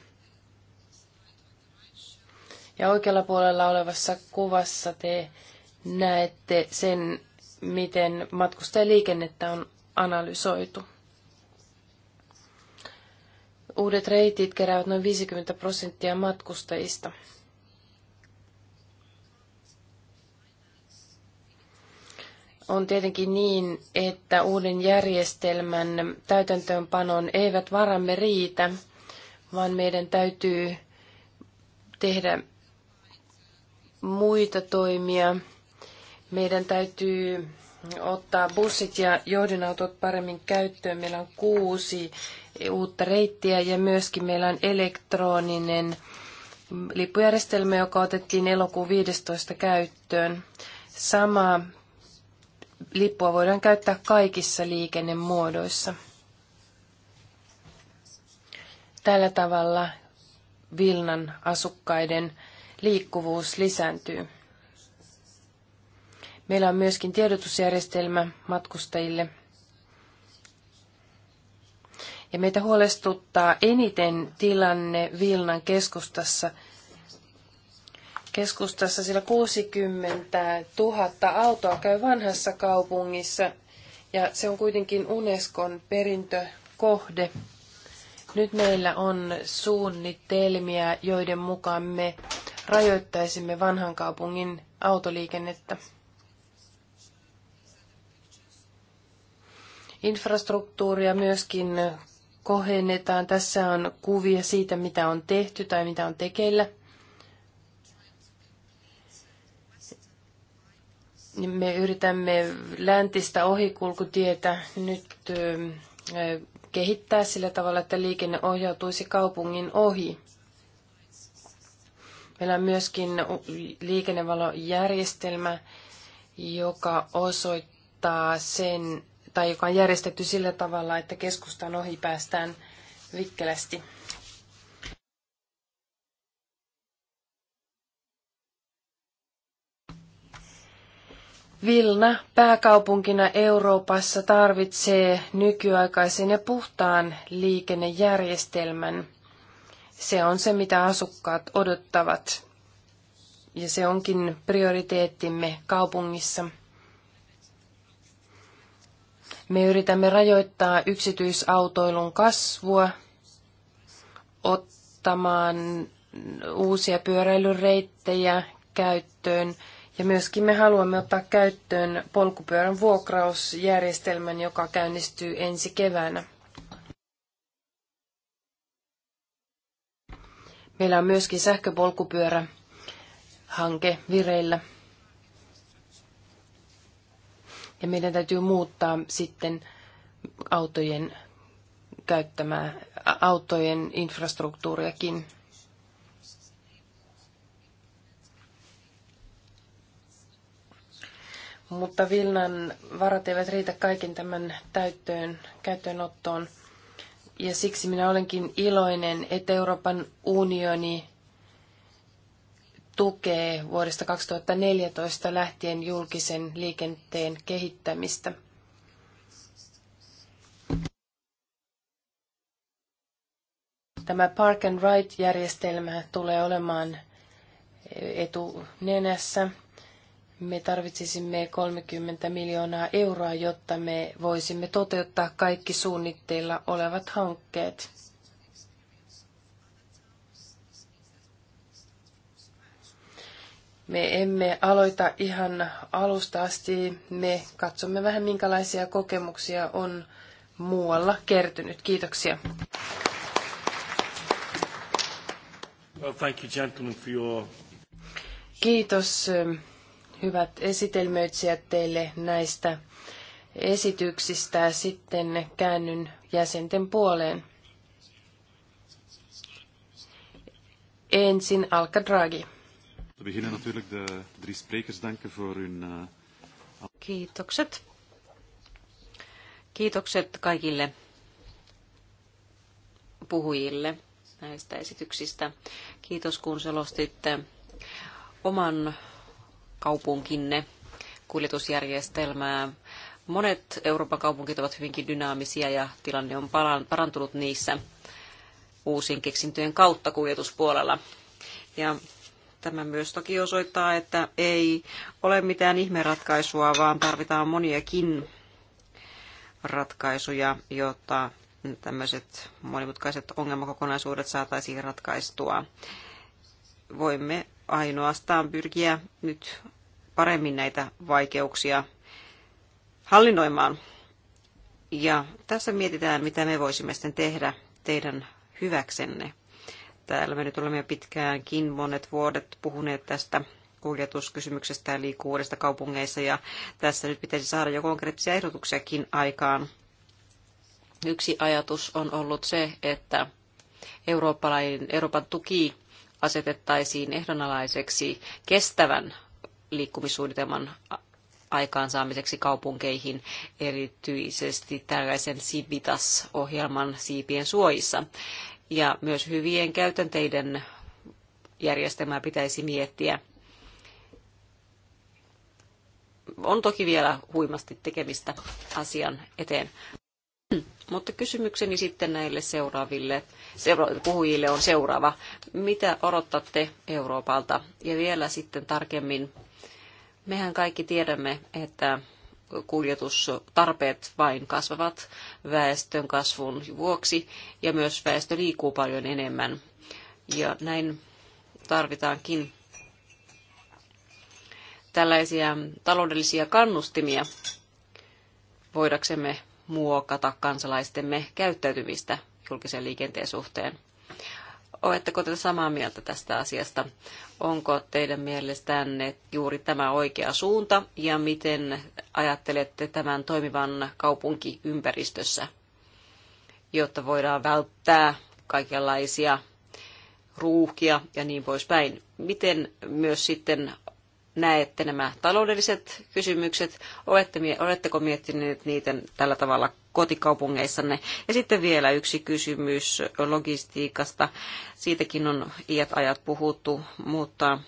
Ja oikealla puolella olevassa kuvassa te näette sen, miten matkustajaliikennettä on analysoitu. Uudet reitit keräävät noin 50 prosenttia matkustajista. on tietenkin niin, että uuden järjestelmän täytäntöönpanon eivät varamme riitä, vaan meidän täytyy tehdä muita toimia meidän täytyy ottaa bussit ja johdinautot paremmin käyttöön. Meillä on kuusi uutta reittiä ja myöskin meillä on elektroninen lippujärjestelmä, joka otettiin elokuun 15 käyttöön. Sama lippua voidaan käyttää kaikissa liikennemuodoissa. Tällä tavalla Vilnan asukkaiden liikkuvuus lisääntyy. Meillä on myöskin tiedotusjärjestelmä matkustajille. Ja meitä huolestuttaa eniten tilanne Vilnan keskustassa. Keskustassa sillä 60 000 autoa käy vanhassa kaupungissa ja se on kuitenkin Unescon perintökohde. Nyt meillä on suunnitelmia, joiden mukaan me rajoittaisimme vanhan kaupungin autoliikennettä. Infrastruktuuria myöskin kohennetaan. Tässä on kuvia siitä, mitä on tehty tai mitä on tekeillä. Me yritämme läntistä ohikulkutietä nyt ähm, kehittää sillä tavalla, että liikenne ohjautuisi kaupungin ohi. Meillä on myöskin liikennevalojärjestelmä, joka osoittaa sen, tai joka on järjestetty sillä tavalla, että keskustan ohi päästään vikkelästi. Vilna pääkaupunkina Euroopassa tarvitsee nykyaikaisen ja puhtaan liikennejärjestelmän. Se on se, mitä asukkaat odottavat. Ja se onkin prioriteettimme kaupungissa. Me yritämme rajoittaa yksityisautoilun kasvua ottamaan uusia pyöräilyreittejä käyttöön. Ja myöskin me haluamme ottaa käyttöön polkupyörän vuokrausjärjestelmän, joka käynnistyy ensi keväänä. Meillä on myöskin sähköpolkupyörä hanke vireillä. Ja meidän täytyy muuttaa sitten autojen käyttämää, autojen infrastruktuuriakin. Mutta Vilnan varat eivät riitä kaiken tämän täyttöön, käyttöönottoon. Ja siksi minä olenkin iloinen, että Euroopan unioni tukee vuodesta 2014 lähtien julkisen liikenteen kehittämistä. Tämä Park and Ride-järjestelmä tulee olemaan etunenässä. Me tarvitsisimme 30 miljoonaa euroa, jotta me voisimme toteuttaa kaikki suunnitteilla olevat hankkeet. Me emme aloita ihan alusta asti. Me katsomme vähän, minkälaisia kokemuksia on muualla kertynyt. Kiitoksia. Well, thank you, gentlemen, for your... Kiitos ähm, hyvät esitelmöitsijät teille näistä esityksistä. Sitten käännyn jäsenten puoleen. Ensin Alka Draghi. Te beginnen natuurlijk de drie sprekers danken voor hun... Eh, Kiitokset. Kiitokset kaikille puhujille näistä esityksistä. Kiitos kun selostitte oman kaupunkinne kuljetusjärjestelmää. Monet Euroopan kaupunkit ovat hyvinkin dynaamisia ja tilanne on parantunut niissä uusien keksintöjen kautta kuljetuspuolella. Ja Tämä myös toki osoittaa, että ei ole mitään ihmeratkaisua, vaan tarvitaan moniakin ratkaisuja, jotta tämmöiset monimutkaiset ongelmakokonaisuudet saataisiin ratkaistua. Voimme ainoastaan pyrkiä nyt paremmin näitä vaikeuksia hallinnoimaan. Ja tässä mietitään, mitä me voisimme sitten tehdä teidän hyväksenne. Täällä me nyt olemme jo pitkäänkin monet vuodet puhuneet tästä kuljetuskysymyksestä ja liikkuvuudesta kaupungeissa ja tässä nyt pitäisi saada jo konkreettisia ehdotuksiakin aikaan. Yksi ajatus on ollut se, että Euroopan tuki asetettaisiin ehdonalaiseksi kestävän liikkumissuunnitelman aikaansaamiseksi kaupunkeihin, erityisesti tällaisen Sivitas-ohjelman siipien suojissa ja myös hyvien käytänteiden järjestelmää pitäisi miettiä. On toki vielä huimasti tekemistä asian eteen. Mutta kysymykseni sitten näille seuraaville seura- puhujille on seuraava. Mitä odottatte Euroopalta? Ja vielä sitten tarkemmin. Mehän kaikki tiedämme, että kuljetustarpeet vain kasvavat väestön kasvun vuoksi ja myös väestö liikkuu paljon enemmän. Ja näin tarvitaankin tällaisia taloudellisia kannustimia voidaksemme muokata kansalaistemme käyttäytymistä julkisen liikenteen suhteen. Oletteko te samaa mieltä tästä asiasta? Onko teidän mielestänne juuri tämä oikea suunta ja miten ajattelette tämän toimivan kaupunkiympäristössä, jotta voidaan välttää kaikenlaisia ruuhkia ja niin poispäin? Miten myös sitten näette nämä taloudelliset kysymykset? oletteko miettineet niitä tällä tavalla kotikaupungeissanne. Ja sitten vielä yksi kysymys logistiikasta. Siitäkin on iät ajat puhuttu, mutta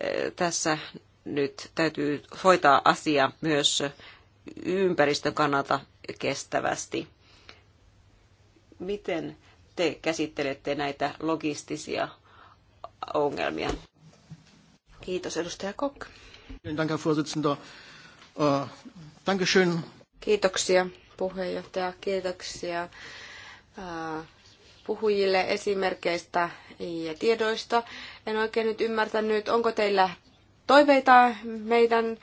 eh, tässä nyt täytyy hoitaa asia myös ympäristön kannalta kestävästi. Miten te käsittelette näitä logistisia ongelmia? Kiitos, edustaja Kock. Äh, Kiitoksia puheenjohtaja. Kiitoksia puhujille esimerkkeistä ja tiedoista. En oikein nyt ymmärtänyt, onko teillä toiveita meidän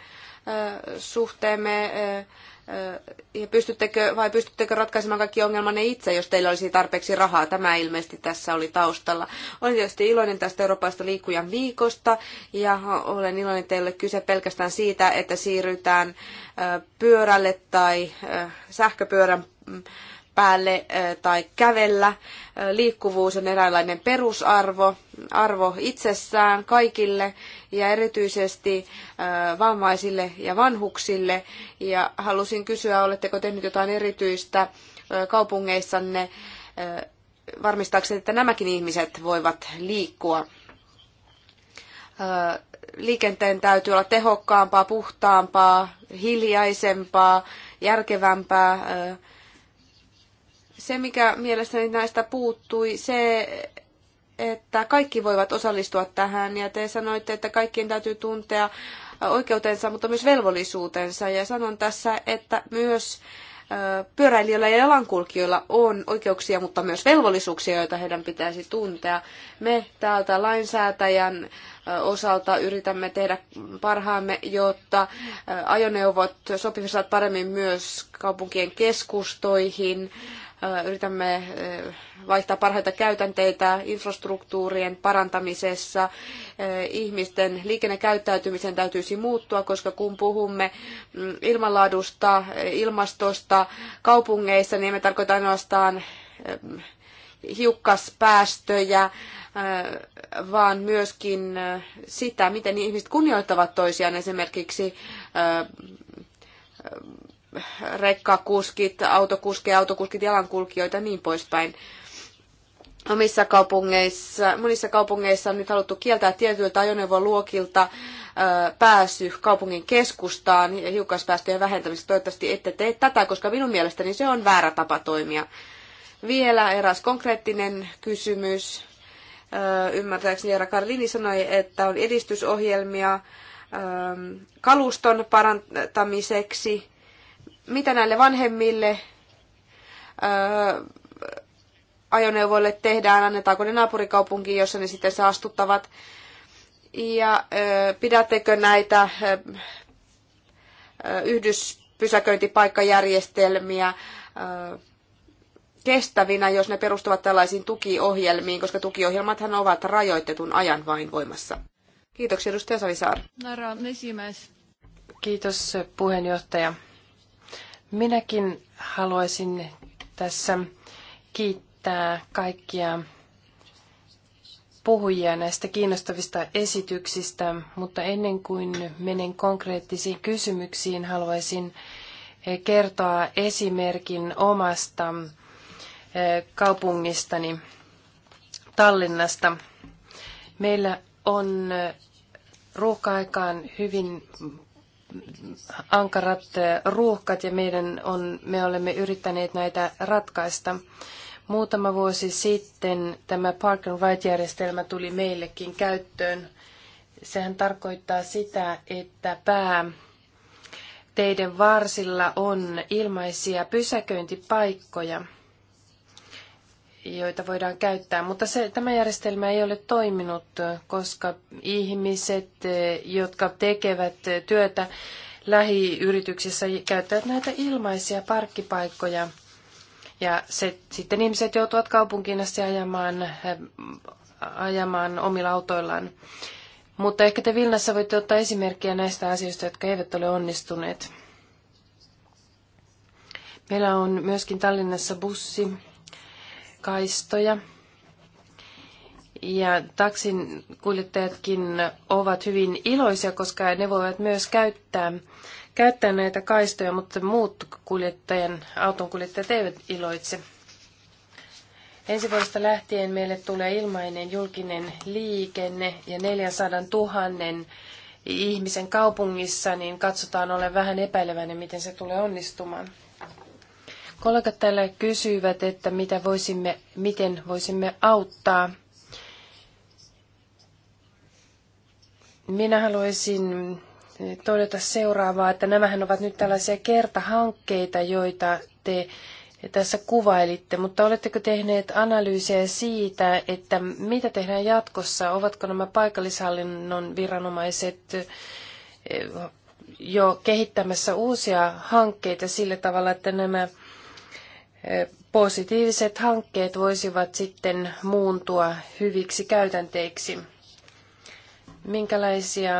suhteemme ja pystyttekö, vai pystyttekö ratkaisemaan kaikki ongelmanne itse, jos teillä olisi tarpeeksi rahaa? Tämä ilmeisesti tässä oli taustalla. Olen tietysti iloinen tästä Euroopasta liikkujan viikosta ja olen iloinen teille kyse pelkästään siitä, että siirrytään pyörälle tai sähköpyörän mm, päälle tai kävellä. Liikkuvuus on eräänlainen perusarvo, arvo itsessään kaikille ja erityisesti vammaisille ja vanhuksille. Ja halusin kysyä, oletteko tehnyt jotain erityistä kaupungeissanne varmistaakseni, että nämäkin ihmiset voivat liikkua. Liikenteen täytyy olla tehokkaampaa, puhtaampaa, hiljaisempaa, järkevämpää se, mikä mielestäni näistä puuttui, se, että kaikki voivat osallistua tähän, ja te sanoitte, että kaikkien täytyy tuntea oikeutensa, mutta myös velvollisuutensa, ja sanon tässä, että myös pyöräilijöillä ja jalankulkijoilla on oikeuksia, mutta myös velvollisuuksia, joita heidän pitäisi tuntea. Me täältä lainsäätäjän osalta yritämme tehdä parhaamme, jotta ajoneuvot sopivat paremmin myös kaupunkien keskustoihin Yritämme vaihtaa parhaita käytänteitä infrastruktuurien parantamisessa. Ihmisten liikennekäyttäytymisen täytyisi muuttua, koska kun puhumme mm, ilmanlaadusta, ilmastosta kaupungeissa, niin emme tarkoita ainoastaan hiukkaspäästöjä, vaan myöskin sitä, miten ihmiset kunnioittavat toisiaan esimerkiksi rekkakuskit, autokuskeja, autokuskit, jalankulkijoita ja niin poispäin. Omissa kaupungeissa, monissa kaupungeissa on nyt haluttu kieltää tietyiltä ajoneuvoluokilta pääsy kaupungin keskustaan hiukkaspäästöjen vähentämistä Toivottavasti ette tee tätä, koska minun mielestäni se on väärä tapa toimia. Vielä eräs konkreettinen kysymys. Ymmärtääkseni Jara Karlini sanoi, että on edistysohjelmia kaluston parantamiseksi mitä näille vanhemmille ajoneuvoille tehdään, annetaanko ne naapurikaupunkiin, jossa ne sitten saastuttavat, ja pidättekö näitä yhdyspysäköintipaikkajärjestelmiä kestävinä, jos ne perustuvat tällaisiin tukiohjelmiin, koska tukiohjelmathan ovat rajoitetun ajan vain voimassa. Kiitoksia edustaja Savisaar. Kiitos puheenjohtaja. Minäkin haluaisin tässä kiittää kaikkia puhujia näistä kiinnostavista esityksistä, mutta ennen kuin menen konkreettisiin kysymyksiin, haluaisin eh, kertoa esimerkin omasta eh, kaupungistani Tallinnasta. Meillä on eh, ruuhka-aikaan hyvin ankarat eh, ruuhkat ja meidän on, me olemme yrittäneet näitä ratkaista. Muutama vuosi sitten tämä Park and Ride-järjestelmä tuli meillekin käyttöön. Sehän tarkoittaa sitä, että pää teiden varsilla on ilmaisia pysäköintipaikkoja – joita voidaan käyttää, mutta se, tämä järjestelmä ei ole toiminut, koska ihmiset, eh, jotka tekevät työtä lähiyrityksissä, käyttävät näitä ilmaisia parkkipaikkoja. Ja se, sitten ihmiset joutuvat kaupunkiin asti ajamaan, eh, ajamaan omilla autoillaan. Mutta ehkä te Vilnassa voitte ottaa esimerkkiä näistä asioista, jotka eivät ole onnistuneet. Meillä on myöskin Tallinnassa bussi, kaistoja. Ja taksin kuljettajatkin ovat hyvin iloisia, koska ne voivat myös käyttää, käyttää näitä kaistoja, mutta muut kuljettajan, auton kuljettajat eivät iloitse. Ensi vuodesta lähtien meille tulee ilmainen julkinen liikenne ja 400 000 ihmisen kaupungissa, niin katsotaan ole vähän epäileväinen, miten se tulee onnistumaan. Kollegat täällä kysyivät, että mitä voisimme, miten voisimme auttaa. Minä haluaisin todeta seuraavaa, että nämähän ovat nyt tällaisia kertahankkeita, joita te tässä kuvailitte, mutta oletteko tehneet analyysiä siitä, että mitä tehdään jatkossa? Ovatko nämä paikallishallinnon viranomaiset eh, jo kehittämässä uusia hankkeita sillä tavalla, että nämä positiiviset hankkeet voisivat sitten muuntua hyviksi käytänteiksi. Minkälaisia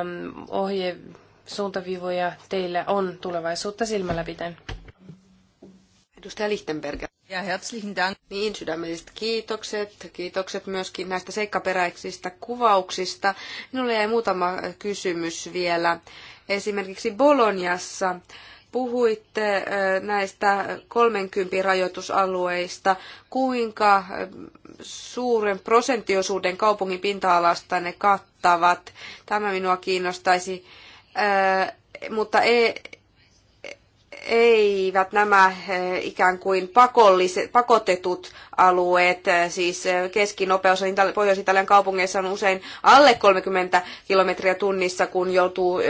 ohje suuntaviivoja teillä on tulevaisuutta silmällä pitäen? Edustaja Lichtenberger. Ja herzlichen Dank. Niin, sydämelliset kiitokset. Kiitokset myöskin näistä seikkaperäisistä kuvauksista. Minulle jäi muutama kysymys vielä. Esimerkiksi Boloniassa puhuitte näistä 30 rajoitusalueista. Kuinka suuren prosenttiosuuden kaupungin pinta-alasta ne kattavat? Tämä minua kiinnostaisi. Mutta e- eivät nämä eh, ikään kuin pakolliset, pakotetut alueet, eh, siis eh, keskinopeus Pohjois-Italian kaupungeissa on usein alle 30 kilometriä tunnissa, kun joutuu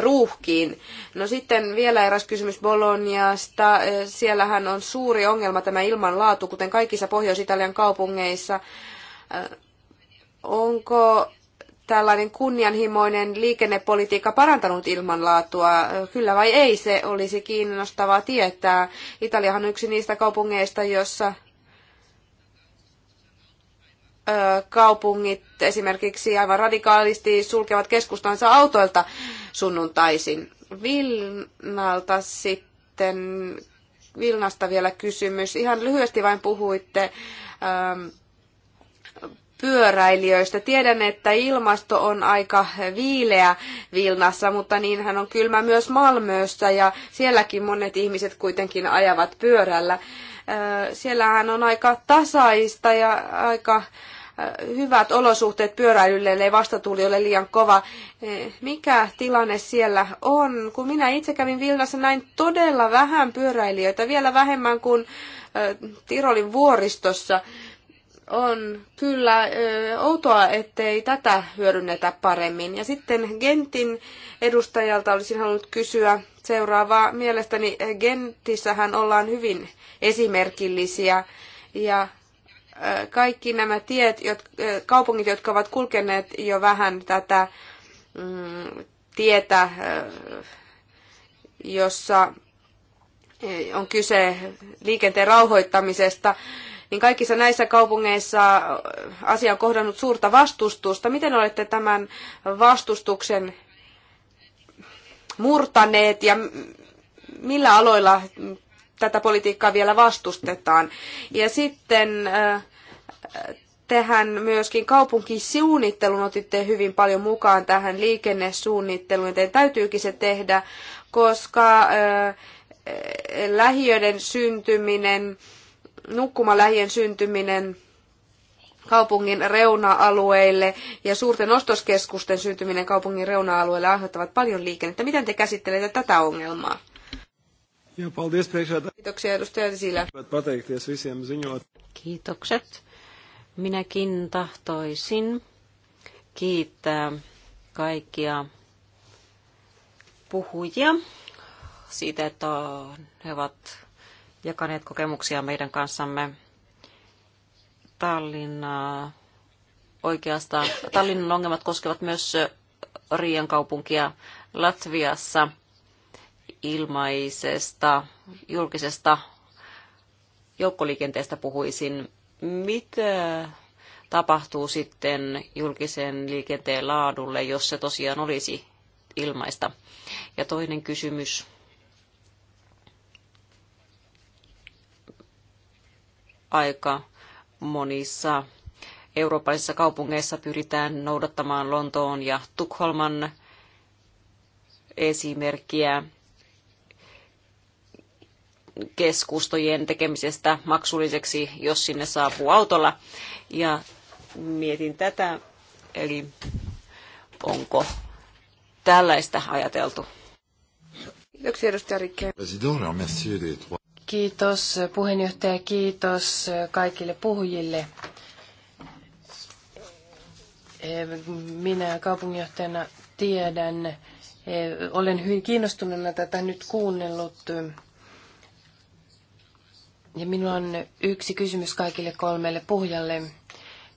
ruuhkiin. No sitten vielä eräs kysymys Bolognasta. Siellähän on suuri ongelma tämä ilmanlaatu, kuten kaikissa Pohjois-Italian kaupungeissa. Onko tällainen kunnianhimoinen liikennepolitiikka parantanut ilmanlaatua? Kyllä vai ei? Se olisi kiinnostavaa tietää. Italiahan on yksi niistä kaupungeista, jossa kaupungit esimerkiksi aivan radikaalisti sulkevat keskustansa autoilta sunnuntaisin. Vilnalta sitten, Vilnasta vielä kysymys. Ihan lyhyesti vain puhuitte ähm, pyöräilijöistä. Tiedän, että ilmasto on aika viileä Vilnassa, mutta niinhän on kylmä myös Malmössä ja sielläkin monet ihmiset kuitenkin ajavat pyörällä. Siellähän on aika tasaista ja aika hyvät olosuhteet pyöräilylle, ei vastatuuli ole liian kova. E, mikä tilanne siellä on? Kun minä itse kävin Vilnassa, näin todella vähän pyöräilijöitä, vielä vähemmän kuin Tirolin vuoristossa on kyllä ö, outoa, ettei tätä hyödynnetä paremmin. Ja sitten Gentin edustajalta olisin halunnut kysyä seuraavaa. Mielestäni Gentissähän ollaan hyvin esimerkillisiä ja kaikki nämä tiet, jotka, kaupungit, jotka ovat kulkeneet jo vähän tätä mm, tietä, jossa on kyse liikenteen rauhoittamisesta, niin kaikissa näissä kaupungeissa asia on kohdannut suurta vastustusta. Miten olette tämän vastustuksen murtaneet ja millä aloilla tätä politiikkaa vielä vastustetaan? Ja sitten tehän myöskin kaupunkisuunnittelun otitte hyvin paljon mukaan tähän liikennesuunnitteluun. joten täytyykin se tehdä, koska lähiöiden syntyminen nukkumalähien syntyminen kaupungin reuna-alueille ja suurten ostoskeskusten syntyminen kaupungin reuna-alueille aiheuttavat paljon liikennettä. Miten te käsittelette tätä ongelmaa? Ja paldies Kiitoksia edustaja Silä. Kiitokset. Minäkin tahtoisin kiittää kaikkia puhujia siitä, että he ovat jakaneet kokemuksia meidän kanssamme. Tallinna oikeastaan. Tallinnan ongelmat koskevat myös Riian kaupunkia Latviassa ilmaisesta julkisesta joukkoliikenteestä puhuisin. Mitä tapahtuu sitten julkisen liikenteen laadulle, jos se tosiaan olisi ilmaista? Ja toinen kysymys aika monissa eurooppalaisissa kaupungeissa pyritään noudattamaan Lontoon ja Tukholman esimerkkiä keskustojen tekemisestä maksulliseksi, jos sinne saapuu autolla. Ja mietin tätä, eli onko tällaista ajateltu. Kiitoksia edustaja Rikke. Kiitos puheenjohtaja, kiitos kaikille puhujille. Minä kaupunginjohtajana tiedän, olen hyvin kiinnostuneena tätä nyt kuunnellut. Ja minulla on yksi kysymys kaikille kolmelle puhujalle.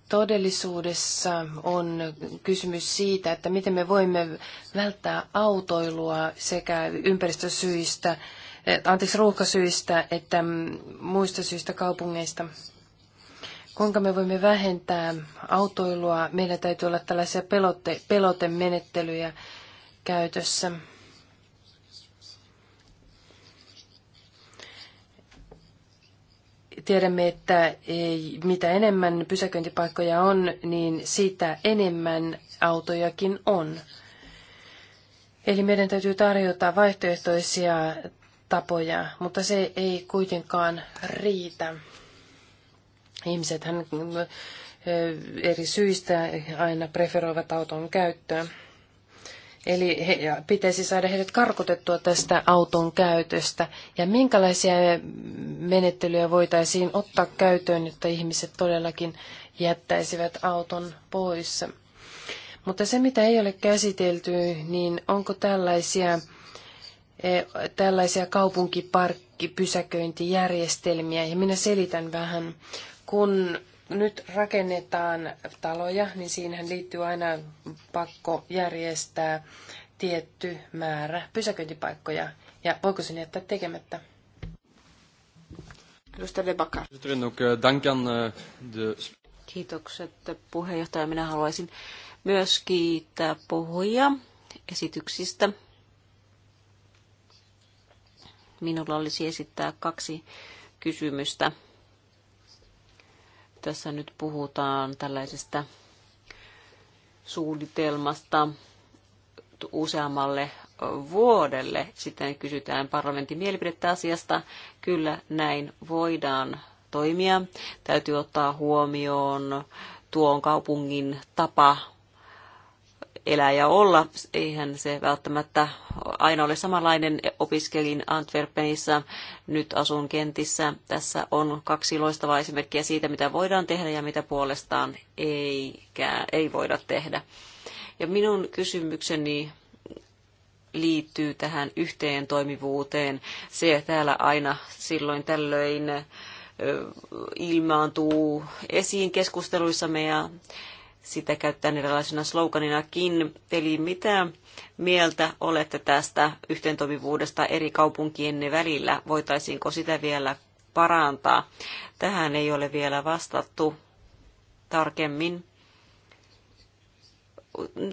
Todellisuudessa on kysymys siitä, että miten me voimme välttää autoilua sekä ympäristösyistä Eh, anteeksi, ruuhkasyistä että mm, muista syistä kaupungeista. Kuinka me voimme vähentää autoilua? Meillä täytyy olla tällaisia pelote, pelotemenettelyjä käytössä. tiedämme, että mitä enemmän pysäköintipaikkoja on, niin sitä enemmän autojakin on. Eli meidän täytyy tarjota vaihtoehtoisia tapoja, mutta se ei kuitenkaan riitä. Ihmiset hän eri syistä aina preferoivat auton käyttöä. Eli he, pitäisi saada heidät karkotettua tästä auton käytöstä. Ja minkälaisia menettelyjä voitaisiin ottaa käyttöön, jotta ihmiset todellakin jättäisivät auton pois. Mutta se, mitä ei ole käsitelty, niin onko tällaisia E, tällaisia kaupunkiparkkipysäköintijärjestelmiä ja minä selitän vähän. Kun nyt rakennetaan taloja, niin siihen liittyy aina pakko järjestää tietty määrä pysäköintipaikkoja. Ja voiko sen jättää tekemättä? Äh, Kiitokset puheenjohtaja. Minä haluaisin myös kiittää puhujia esityksistä Minulla olisi esittää kaksi kysymystä. Tässä nyt puhutaan tällaisesta suunnitelmasta useammalle vuodelle. Sitten kysytään parlamentin mielipidettä asiasta. Kyllä näin voidaan toimia. Täytyy ottaa huomioon tuon kaupungin tapa elää ja olla. Eihän se välttämättä aina ole samanlainen. Opiskelin Antwerpenissa, nyt asun kentissä. Tässä on kaksi loistavaa esimerkkiä siitä, mitä voidaan tehdä ja mitä puolestaan eikä, ei voida tehdä. Ja minun kysymykseni liittyy tähän yhteen toimivuuteen. Se täällä aina silloin tällöin ilmaantuu esiin keskusteluissamme ja sitä käyttää erilaisena sloganinakin. Eli mitä mieltä olette tästä yhteentoimivuudesta eri kaupunkien välillä? Voitaisiinko sitä vielä parantaa? Tähän ei ole vielä vastattu tarkemmin.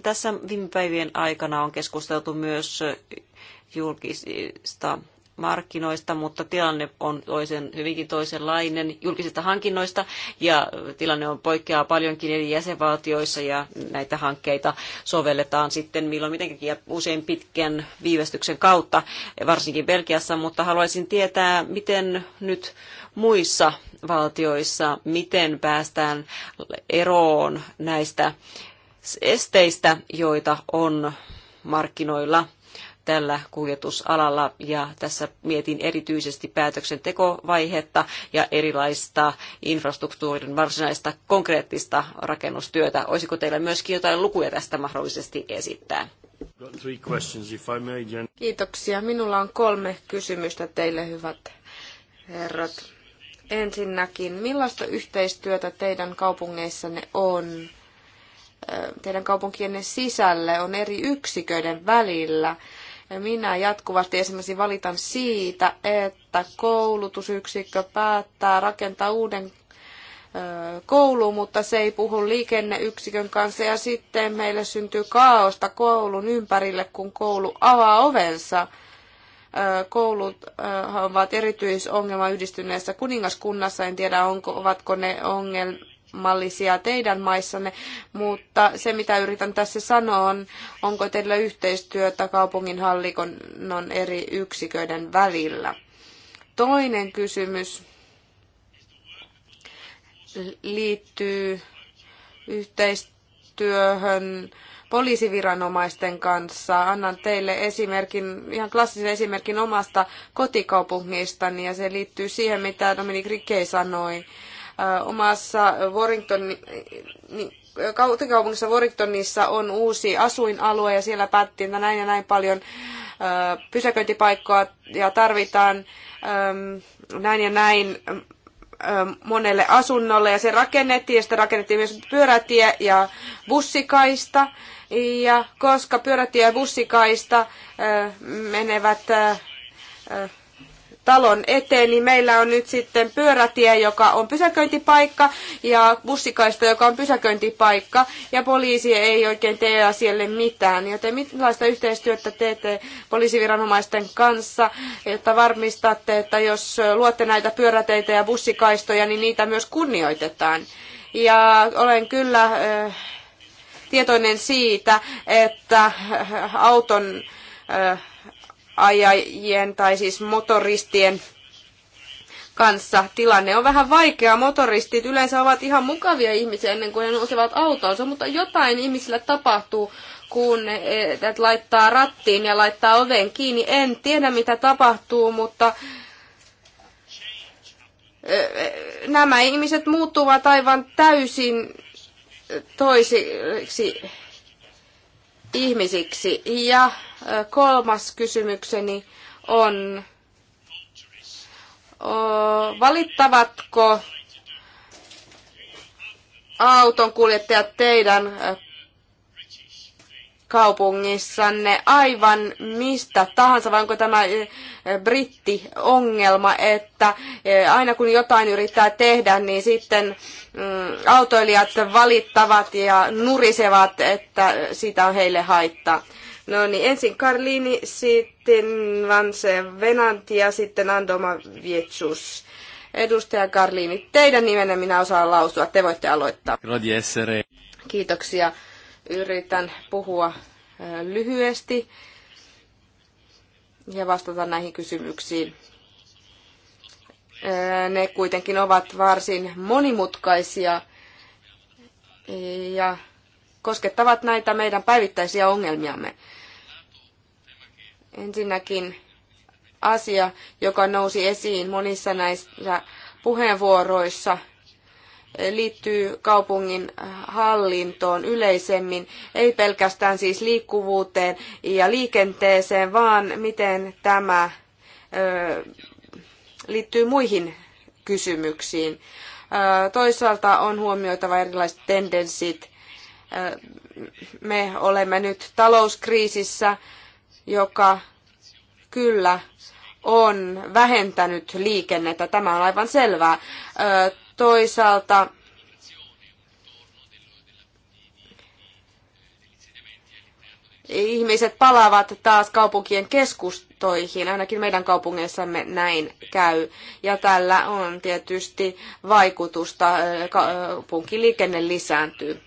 Tässä viime päivien aikana on keskusteltu myös julkisista markkinoista, mutta tilanne on toisen, hyvinkin toisenlainen julkisista hankinnoista ja tilanne on poikkeaa paljonkin eri jäsenvaltioissa ja näitä hankkeita sovelletaan sitten milloin mitenkin ja usein pitkän viivästyksen kautta, varsinkin Belgiassa, mutta haluaisin tietää, miten nyt muissa valtioissa, miten päästään eroon näistä esteistä, joita on markkinoilla – tällä kuljetusalalla ja tässä mietin erityisesti päätöksentekovaihetta ja erilaista infrastruktuurin varsinaista konkreettista rakennustyötä. Olisiko teillä myöskin jotain lukuja tästä mahdollisesti esittää? Kiitoksia. Minulla on kolme kysymystä teille, hyvät herrat. Ensinnäkin, millaista yhteistyötä teidän kaupungeissanne on? Teidän kaupunkienne sisälle on eri yksiköiden välillä. Minä jatkuvasti esimerkiksi valitan siitä, että koulutusyksikkö päättää rakentaa uuden koulu, mutta se ei puhu liikenneyksikön kanssa ja sitten meille syntyy kaaosta koulun ympärille, kun koulu avaa ovensa. Koulut ovat erityisongelma yhdistyneessä kuningaskunnassa, en tiedä onko, ovatko ne ongelma mallisia teidän maissanne, mutta se mitä yritän tässä sanoa on, onko teillä yhteistyötä kaupunginhallikonnon eri yksiköiden välillä. Toinen kysymys liittyy yhteistyöhön poliisiviranomaisten kanssa. Annan teille esimerkin, ihan klassisen esimerkin omasta kotikaupungistani ja se liittyy siihen, mitä Dominic Rikkei sanoi Omassa Warrington, niin, kaupungissa Warringtonissa on uusi asuinalue ja siellä päättiin, että näin ja näin paljon pysäköintipaikkoa ja tarvitaan näin ja näin monelle asunnolle ja se rakennettiin ja sitten rakennettiin myös pyörätie ja bussikaista. Ja koska pyörätie ja bussikaista menevät talon eteen, niin meillä on nyt sitten pyörätie, joka on pysäköintipaikka, ja bussikaista, joka on pysäköintipaikka, ja poliisi ei oikein tee asialle mitään. Joten millaista yhteistyötä teette poliisiviranomaisten kanssa, jotta varmistatte, että jos luotte näitä pyöräteitä ja bussikaistoja, niin niitä myös kunnioitetaan. Ja olen kyllä äh, tietoinen siitä, että äh, auton äh, ajajien tai siis motoristien kanssa tilanne on vähän vaikea. Motoristit yleensä ovat ihan mukavia ihmisiä ennen kuin he nousevat autonsa, mutta jotain ihmisillä tapahtuu, kun ne laittaa rattiin ja laittaa oven kiinni. En tiedä, mitä tapahtuu, mutta nämä ihmiset muuttuvat aivan täysin toisiksi ihmisiksi. Ja kolmas kysymykseni on, valittavatko auton kuljettajat teidän kaupungissanne aivan mistä tahansa, vai onko tämä eh, britti-ongelma, että eh, aina kun jotain yrittää tehdä, niin sitten mm, autoilijat valittavat ja nurisevat, että siitä on heille haittaa. No niin, ensin Karlini, sitten Vanse Venant ja sitten Andoma Vietsus. Edustaja Karliini, teidän nimenne minä osaan lausua, te voitte aloittaa. Kiitoksia Yritän puhua lyhyesti ja vastata näihin kysymyksiin. Ne kuitenkin ovat varsin monimutkaisia ja koskettavat näitä meidän päivittäisiä ongelmiamme. Ensinnäkin asia, joka nousi esiin monissa näissä puheenvuoroissa – liittyy kaupungin hallintoon yleisemmin, ei pelkästään siis liikkuvuuteen ja liikenteeseen, vaan miten tämä liittyy muihin kysymyksiin. Toisaalta on huomioitava erilaiset tendenssit. Me olemme nyt talouskriisissä, joka kyllä on vähentänyt liikennettä. Tämä on aivan selvää. Toisaalta ihmiset palaavat taas kaupunkien keskustoihin, ainakin meidän kaupungeissamme näin käy. Ja tällä on tietysti vaikutusta, äh, kaupunkiliikenne lisääntyy.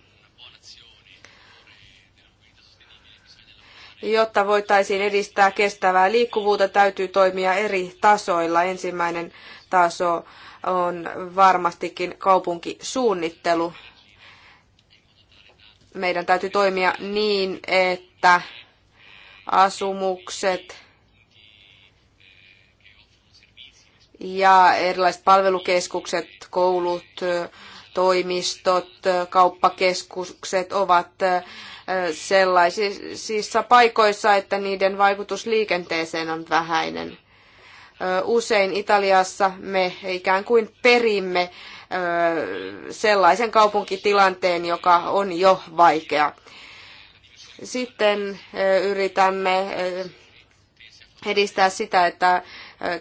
Jotta voitaisiin edistää kestävää liikkuvuutta, täytyy toimia eri tasoilla. Ensimmäinen taso on varmastikin kaupunkisuunnittelu. Meidän täytyy toimia niin, että asumukset ja erilaiset palvelukeskukset, koulut, toimistot, kauppakeskukset ovat sellaisissa paikoissa, että niiden vaikutus liikenteeseen on vähäinen. Usein Italiassa me ikään kuin perimme sellaisen kaupunkitilanteen, joka on jo vaikea. Sitten yritämme edistää sitä, että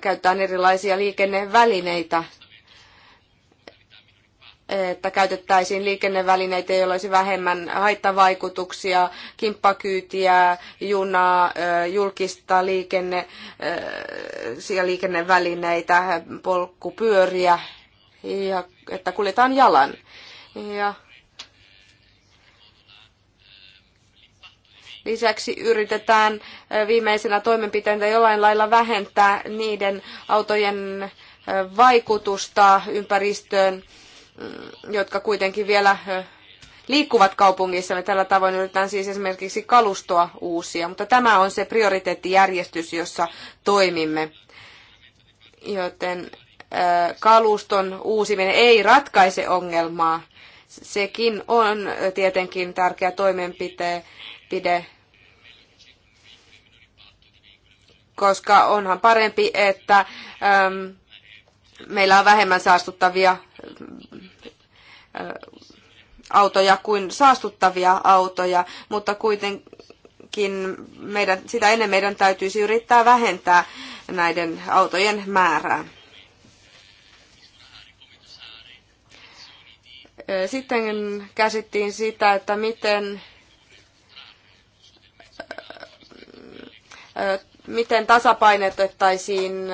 käytetään erilaisia liikennevälineitä että käytettäisiin liikennevälineitä, joilla olisi vähemmän haittavaikutuksia, kimppakyytiä, junaa, julkista liikenne, liikennevälineitä, polkupyöriä ja että kuljetaan jalan. Ja Lisäksi yritetään viimeisenä toimenpiteenä jollain lailla vähentää niiden autojen vaikutusta ympäristöön jotka kuitenkin vielä liikkuvat kaupungissa. Me tällä tavoin yritetään siis esimerkiksi kalustoa uusia, mutta tämä on se prioriteettijärjestys, jossa toimimme. Joten kaluston uusiminen ei ratkaise ongelmaa. Sekin on tietenkin tärkeä toimenpide, koska onhan parempi, että meillä on vähemmän saastuttavia Äh, autoja kuin saastuttavia autoja, mutta kuitenkin meidän, sitä ennen meidän täytyisi yrittää vähentää näiden autojen määrää. Äh, sitten käsittiin sitä, että miten, äh, miten tasapainotettaisiin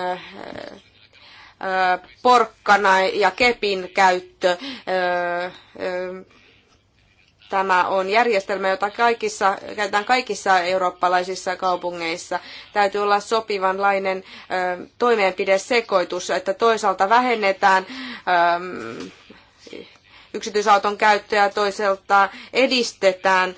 porkkana ja kepin käyttö. Tämä on järjestelmä, jota kaikissa, käytetään kaikissa eurooppalaisissa kaupungeissa. Täytyy olla sopivanlainen toimeenpidesekoitus, että toisaalta vähennetään yksityisauton käyttöä, toisaalta edistetään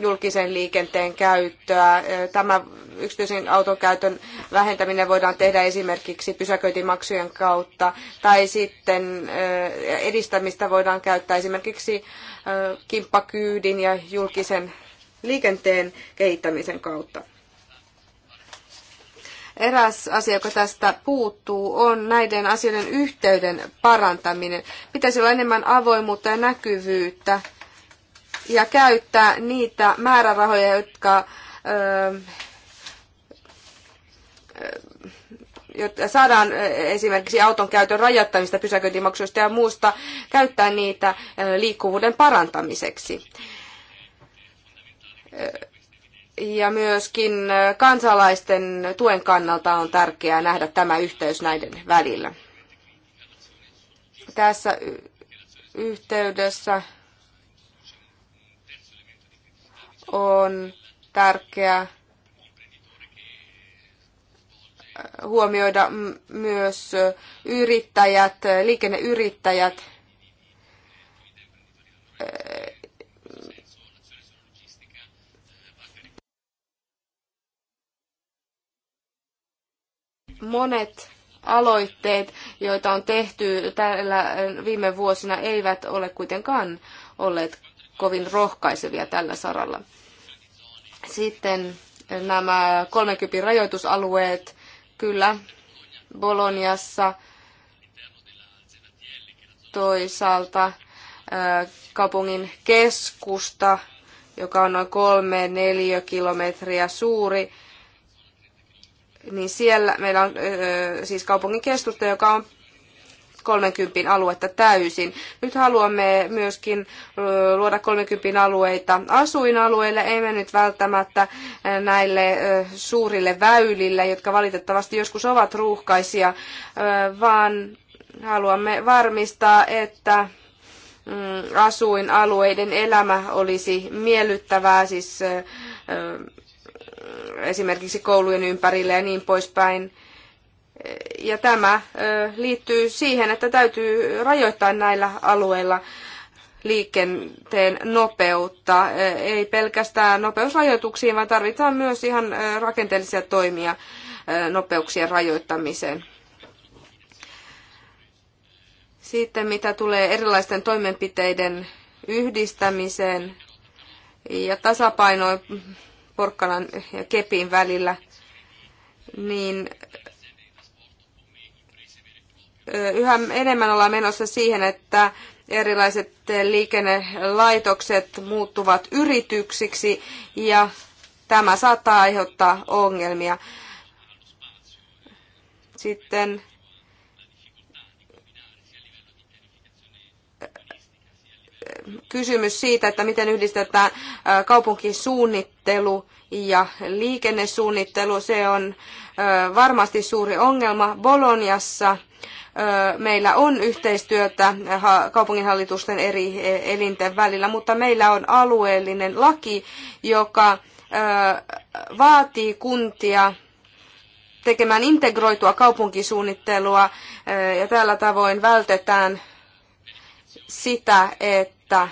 julkisen liikenteen käyttöä. Tämä yksityisen auton käytön vähentäminen voidaan tehdä esimerkiksi pysäköintimaksujen kautta tai sitten edistämistä voidaan käyttää esimerkiksi kimppakyydin ja julkisen liikenteen kehittämisen kautta. Eräs asia, joka tästä puuttuu, on näiden asioiden yhteyden parantaminen. Pitäisi olla enemmän avoimuutta ja näkyvyyttä ja käyttää niitä määrärahoja, jotka jotta saadaan esimerkiksi auton käytön rajoittamista pysäköintimaksuista ja muusta, käyttää niitä liikkuvuuden parantamiseksi. Ja myöskin kansalaisten tuen kannalta on tärkeää nähdä tämä yhteys näiden välillä. Tässä yhteydessä on tärkeää äh, huomioida myös yrittäjät, liikenneyrittäjät, monet aloitteet, joita on tehty tällä viime vuosina, eivät ole kuitenkaan olleet kovin rohkaisevia tällä saralla. Sitten nämä 30 rajoitusalueet, kyllä, Boloniassa toisaalta kaupungin keskusta, joka on noin kolme neljä kilometriä suuri, niin siellä meillä on siis kaupungin keskusta, joka on 30 aluetta täysin. Nyt haluamme myöskin luoda 30 alueita asuinalueille, emme nyt välttämättä näille suurille väylille, jotka valitettavasti joskus ovat ruuhkaisia, vaan haluamme varmistaa, että mm, asuinalueiden elämä olisi miellyttävää, siis esimerkiksi koulujen ympärille ja niin poispäin. Ja tämä liittyy siihen, että täytyy rajoittaa näillä alueilla liikenteen nopeutta. Ei pelkästään nopeusrajoituksiin, vaan tarvitaan myös ihan rakenteellisia toimia nopeuksien rajoittamiseen. Sitten mitä tulee erilaisten toimenpiteiden yhdistämiseen ja tasapainoon porkkanan ja kepin välillä, niin yhä enemmän ollaan menossa siihen, että erilaiset liikennelaitokset muuttuvat yrityksiksi ja tämä saattaa aiheuttaa ongelmia. Sitten kysymys siitä, että miten yhdistetään kaupunkisuunnittelu ja liikennesuunnittelu. Se on varmasti suuri ongelma. Boloniassa meillä on yhteistyötä kaupunginhallitusten eri e, elinten välillä, mutta meillä on alueellinen laki, joka vaatii kuntia tekemään integroitua kaupunkisuunnittelua ja tällä tavoin vältetään sitä, että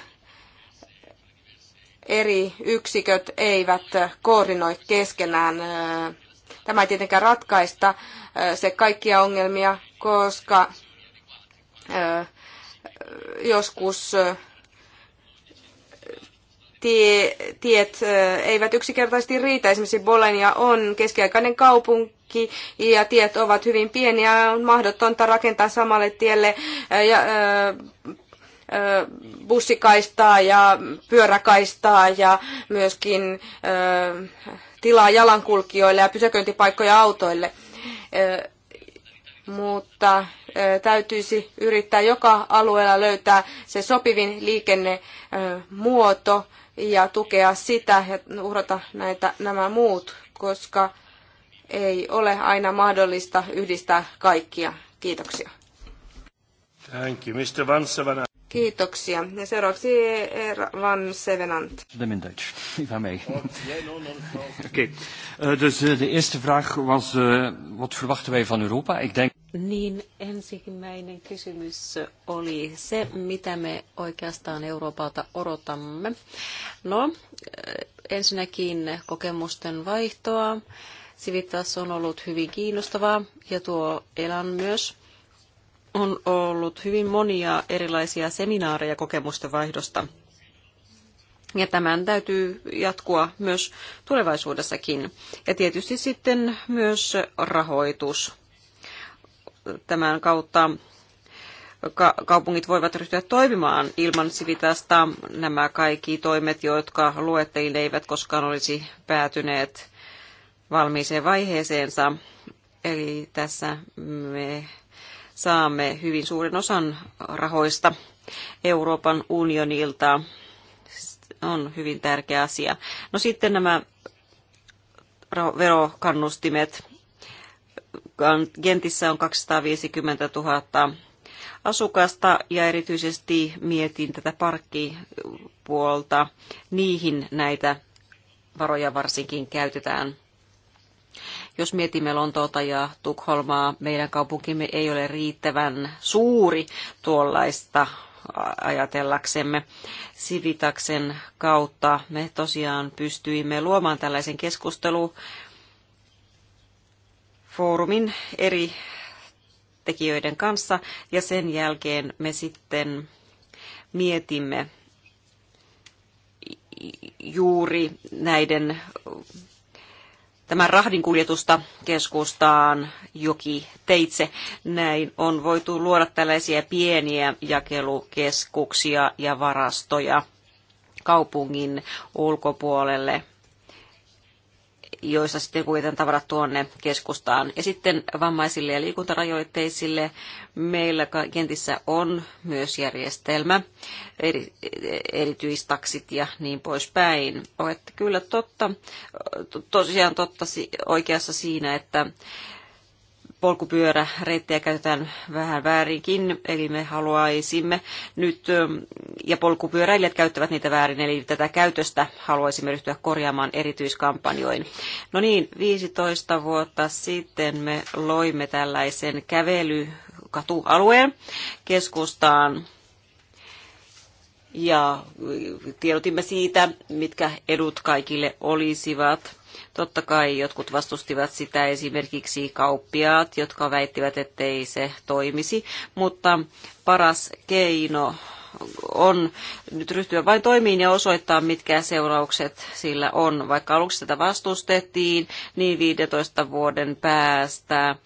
eri yksiköt eivät koordinoi keskenään. Tämä ei tietenkään ratkaista se kaikkia ongelmia, koska joskus tie, tiet eivät yksinkertaisesti riitä. Esimerkiksi Bolenia on keskiaikainen kaupunki ja tiet ovat hyvin pieniä. On mahdotonta rakentaa samalle tielle ja, bussikaistaa ja pyöräkaistaa ja myöskin tilaa jalankulkijoille ja pysäköintipaikkoja autoille mutta täytyisi yrittää joka alueella löytää se sopivin liikennemuoto ja tukea sitä ja uhrata näitä, nämä muut, koska ei ole aina mahdollista yhdistää kaikkia. Kiitoksia. Thank you, Mr. Kiitoksia. Ja seuraavaksi Van Sevenant. De Mindeuch, if I may. Oké. Eh, dus eh, de eerste vraag was, uh, wat verwachten wij van Europa? Ik denk... Niin, ensimmäinen kysymys oli se, mitä me oikeastaan Euroopalta odotamme. No, ensinnäkin kokemusten vaihtoa. Civitas on ollut hyvin kiinnostavaa ja tuo elan myös on ollut hyvin monia erilaisia seminaareja kokemusten vaihdosta. Ja tämän täytyy jatkua myös tulevaisuudessakin. Ja tietysti sitten myös rahoitus. Tämän kautta kaupungit voivat ryhtyä toimimaan ilman Sivitasta. Nämä kaikki toimet, jotka luettelin, eivät koskaan olisi päätyneet valmiiseen vaiheeseensa. Eli tässä me saamme hyvin suuren osan rahoista Euroopan unionilta. On hyvin tärkeä asia. No sitten nämä verokannustimet. Gentissä on 250 000 asukasta ja erityisesti mietin tätä parkkipuolta. Niihin näitä varoja varsinkin käytetään. Jos mietimme Lontoota ja Tukholmaa, meidän kaupunkimme ei ole riittävän suuri tuollaista ajatellaksemme. Sivitaksen kautta me tosiaan pystyimme luomaan tällaisen keskustelufoorumin eri tekijöiden kanssa ja sen jälkeen me sitten mietimme juuri näiden tämän rahdin kuljetusta keskustaan joki teitse. Näin on voitu luoda tällaisia pieniä jakelukeskuksia ja varastoja kaupungin ulkopuolelle joissa sitten kuitenkin tavarat tuonne keskustaan. Ja sitten vammaisille ja liikuntarajoitteisille meillä kentissä on myös järjestelmä, eri, erityistaksit ja niin poispäin. Olette kyllä totta, tosiaan totta oikeassa siinä, että polkupyöräreittejä käytetään vähän väärinkin, eli me haluaisimme nyt, ja polkupyöräilijät käyttävät niitä väärin, eli tätä käytöstä haluaisimme ryhtyä korjaamaan erityiskampanjoin. No niin, 15 vuotta sitten me loimme tällaisen kävelykatualueen keskustaan ja tiedotimme siitä, mitkä edut kaikille olisivat Totta kai jotkut vastustivat sitä esimerkiksi kauppiaat, jotka väittivät, ettei se toimisi, mutta paras keino on nyt ryhtyä vain toimiin ja osoittaa, mitkä seuraukset sillä on. Vaikka aluksi tätä vastustettiin, niin 15 vuoden päästä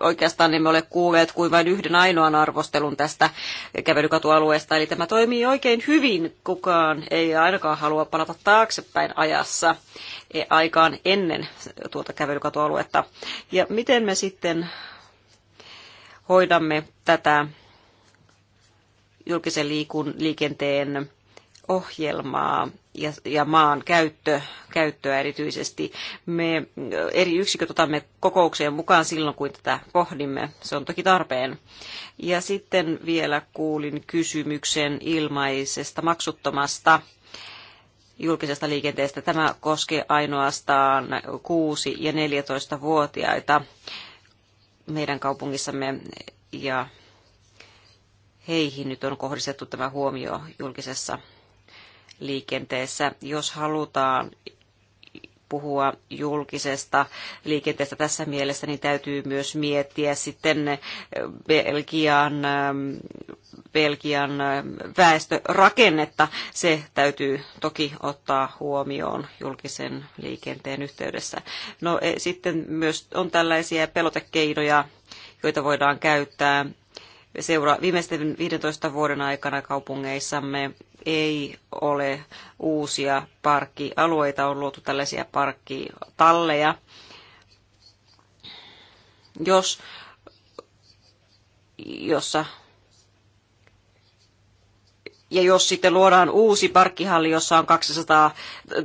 oikeastaan emme ole kuulleet kuin vain yhden ainoan arvostelun tästä kävelykatualueesta. Eli tämä toimii oikein hyvin. Kukaan ei ainakaan halua palata taaksepäin ajassa e, aikaan ennen tuota kävelykatualuetta. Ja miten me sitten hoidamme tätä julkisen liikun, liikenteen ohjelmaa ja, ja maan käyttö, käyttöä erityisesti. Me eri yksiköt otamme kokoukseen mukaan silloin, kun tätä pohdimme. Se on toki tarpeen. Ja sitten vielä kuulin kysymyksen ilmaisesta maksuttomasta julkisesta liikenteestä. Tämä koskee ainoastaan 6- ja 14-vuotiaita meidän kaupungissamme ja heihin nyt on kohdistettu tämä huomio julkisessa liikenteessä. Jos halutaan puhua julkisesta liikenteestä tässä mielessä, niin täytyy myös miettiä sitten Belgian, Belgian väestörakennetta. Se täytyy toki ottaa huomioon julkisen liikenteen yhteydessä. No e, sitten myös on tällaisia pelotekeinoja, joita voidaan käyttää seura- viimeisten 15 vuoden aikana kaupungeissamme ei ole uusia parkkialueita, on luotu tällaisia parkkitalleja. Jos, jossa ja jos sitten luodaan uusi parkkihalli, jossa on 200,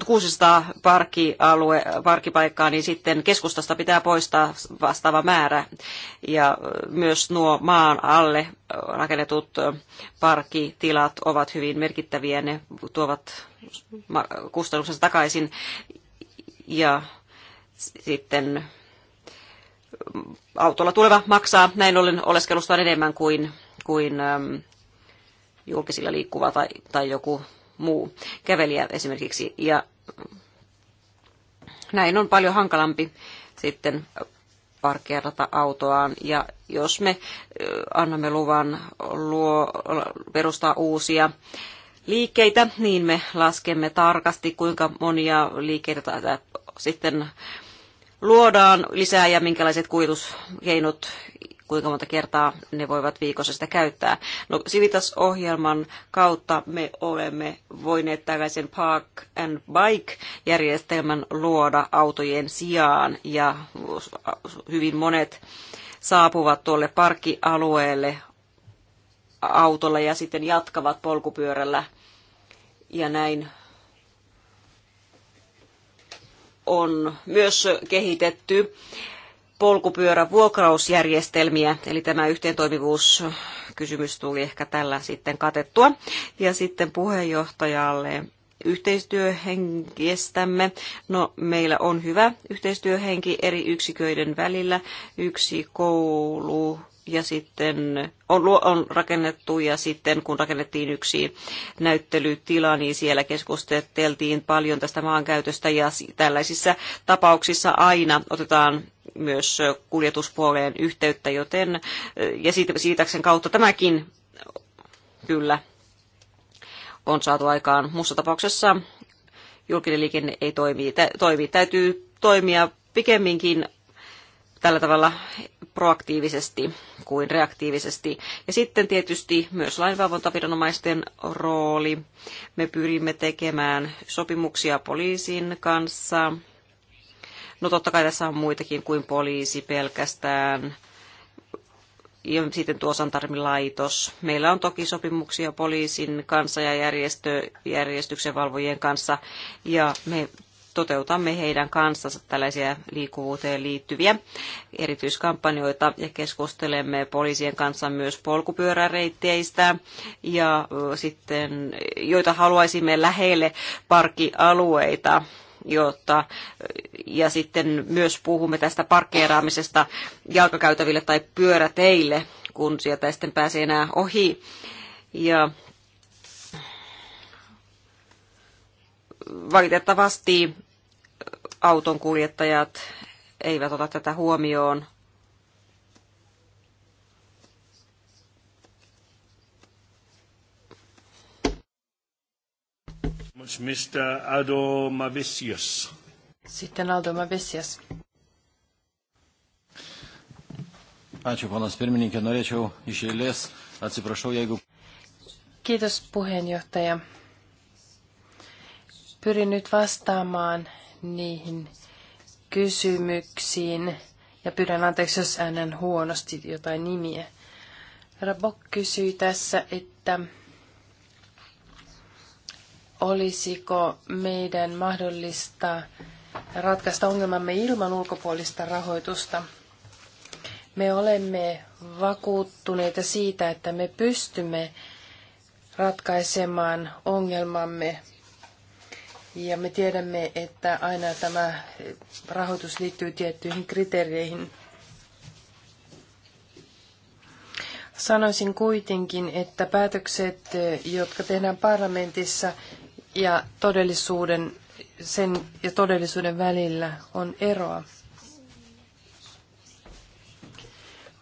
600 parkkialue, parkkipaikkaa, niin sitten keskustasta pitää poistaa vastaava määrä. Ja myös nuo maan alle rakennetut parkkitilat ovat hyvin merkittäviä. Ne tuovat kustannuksensa takaisin. Ja sitten autolla tuleva maksaa näin ollen oleskelusta enemmän kuin, kuin julkisilla liikkuva tai, tai joku muu kävelijä esimerkiksi. Ja näin on paljon hankalampi sitten parkkeerata autoaan. Ja jos me annamme luvan luo, perustaa uusia liikkeitä, niin me laskemme tarkasti, kuinka monia liikkeitä tai sitten luodaan lisää ja minkälaiset kuituskeinot kuinka monta kertaa ne voivat viikossa sitä käyttää. No Civitas-ohjelman kautta me olemme voineet tällaisen Park and Bike-järjestelmän luoda autojen sijaan ja hyvin monet saapuvat tuolle parkkialueelle autolla ja sitten jatkavat polkupyörällä ja näin on myös kehitetty polkupyörävuokrausjärjestelmiä, eli tämä yhteentoimivuuskysymys tuli ehkä tällä sitten katettua. Ja sitten puheenjohtajalle yhteistyöhenkiestämme. No, meillä on hyvä yhteistyöhenki eri yksiköiden välillä. Yksi koulu ja sitten on, on rakennettu ja sitten kun rakennettiin yksi näyttelytila, niin siellä keskusteltiin paljon tästä maankäytöstä ja tällaisissa tapauksissa aina otetaan myös kuljetuspuoleen yhteyttä, joten ja siitä, sen kautta tämäkin kyllä on saatu aikaan. Muussa tapauksessa julkinen liikenne ei toimi. Tä, toimi. Täytyy toimia pikemminkin tällä tavalla proaktiivisesti kuin reaktiivisesti. Ja sitten tietysti myös lainvalvontaviranomaisten rooli. Me pyrimme tekemään sopimuksia poliisin kanssa. No totta kai tässä on muitakin kuin poliisi pelkästään. Ja sitten tuo laitos. Meillä on toki sopimuksia poliisin kanssa ja järjestö, järjestyksen valvojien kanssa. Ja me toteutamme heidän kanssansa tällaisia liikkuvuuteen liittyviä erityiskampanjoita ja keskustelemme poliisien kanssa myös polkupyöräreitteistä ja sitten, joita haluaisimme lähelle parkkialueita jotta, ja sitten myös puhumme tästä parkkeeraamisesta jalkakäytäville tai pyöräteille, kun sieltä sitten pääsee enää ohi. Ja valitettavasti auton kuljettajat eivät ota tätä huomioon. Mr. Aldo Mavisius. Sitten Aldo Mavisius. Ačiū, ponas pirmininkė, norėčiau iš eilės, atsiprašau, jeigu... Kiitos puheenjohtaja. Pyrin nyt vastaamaan niihin kysymyksiin. Ja pyydän anteeksi, jos äänen huonosti jotain nimiä. Rabok kysyi tässä, että olisiko meidän mahdollista ratkaista ongelmamme ilman ulkopuolista rahoitusta. Me olemme vakuuttuneita siitä, että me pystymme ratkaisemaan ongelmamme ja me tiedämme, että aina tämä rahoitus liittyy tiettyihin kriteereihin. Sanoisin kuitenkin, että päätökset, jotka tehdään parlamentissa ja todellisuuden, sen ja todellisuuden välillä on eroa.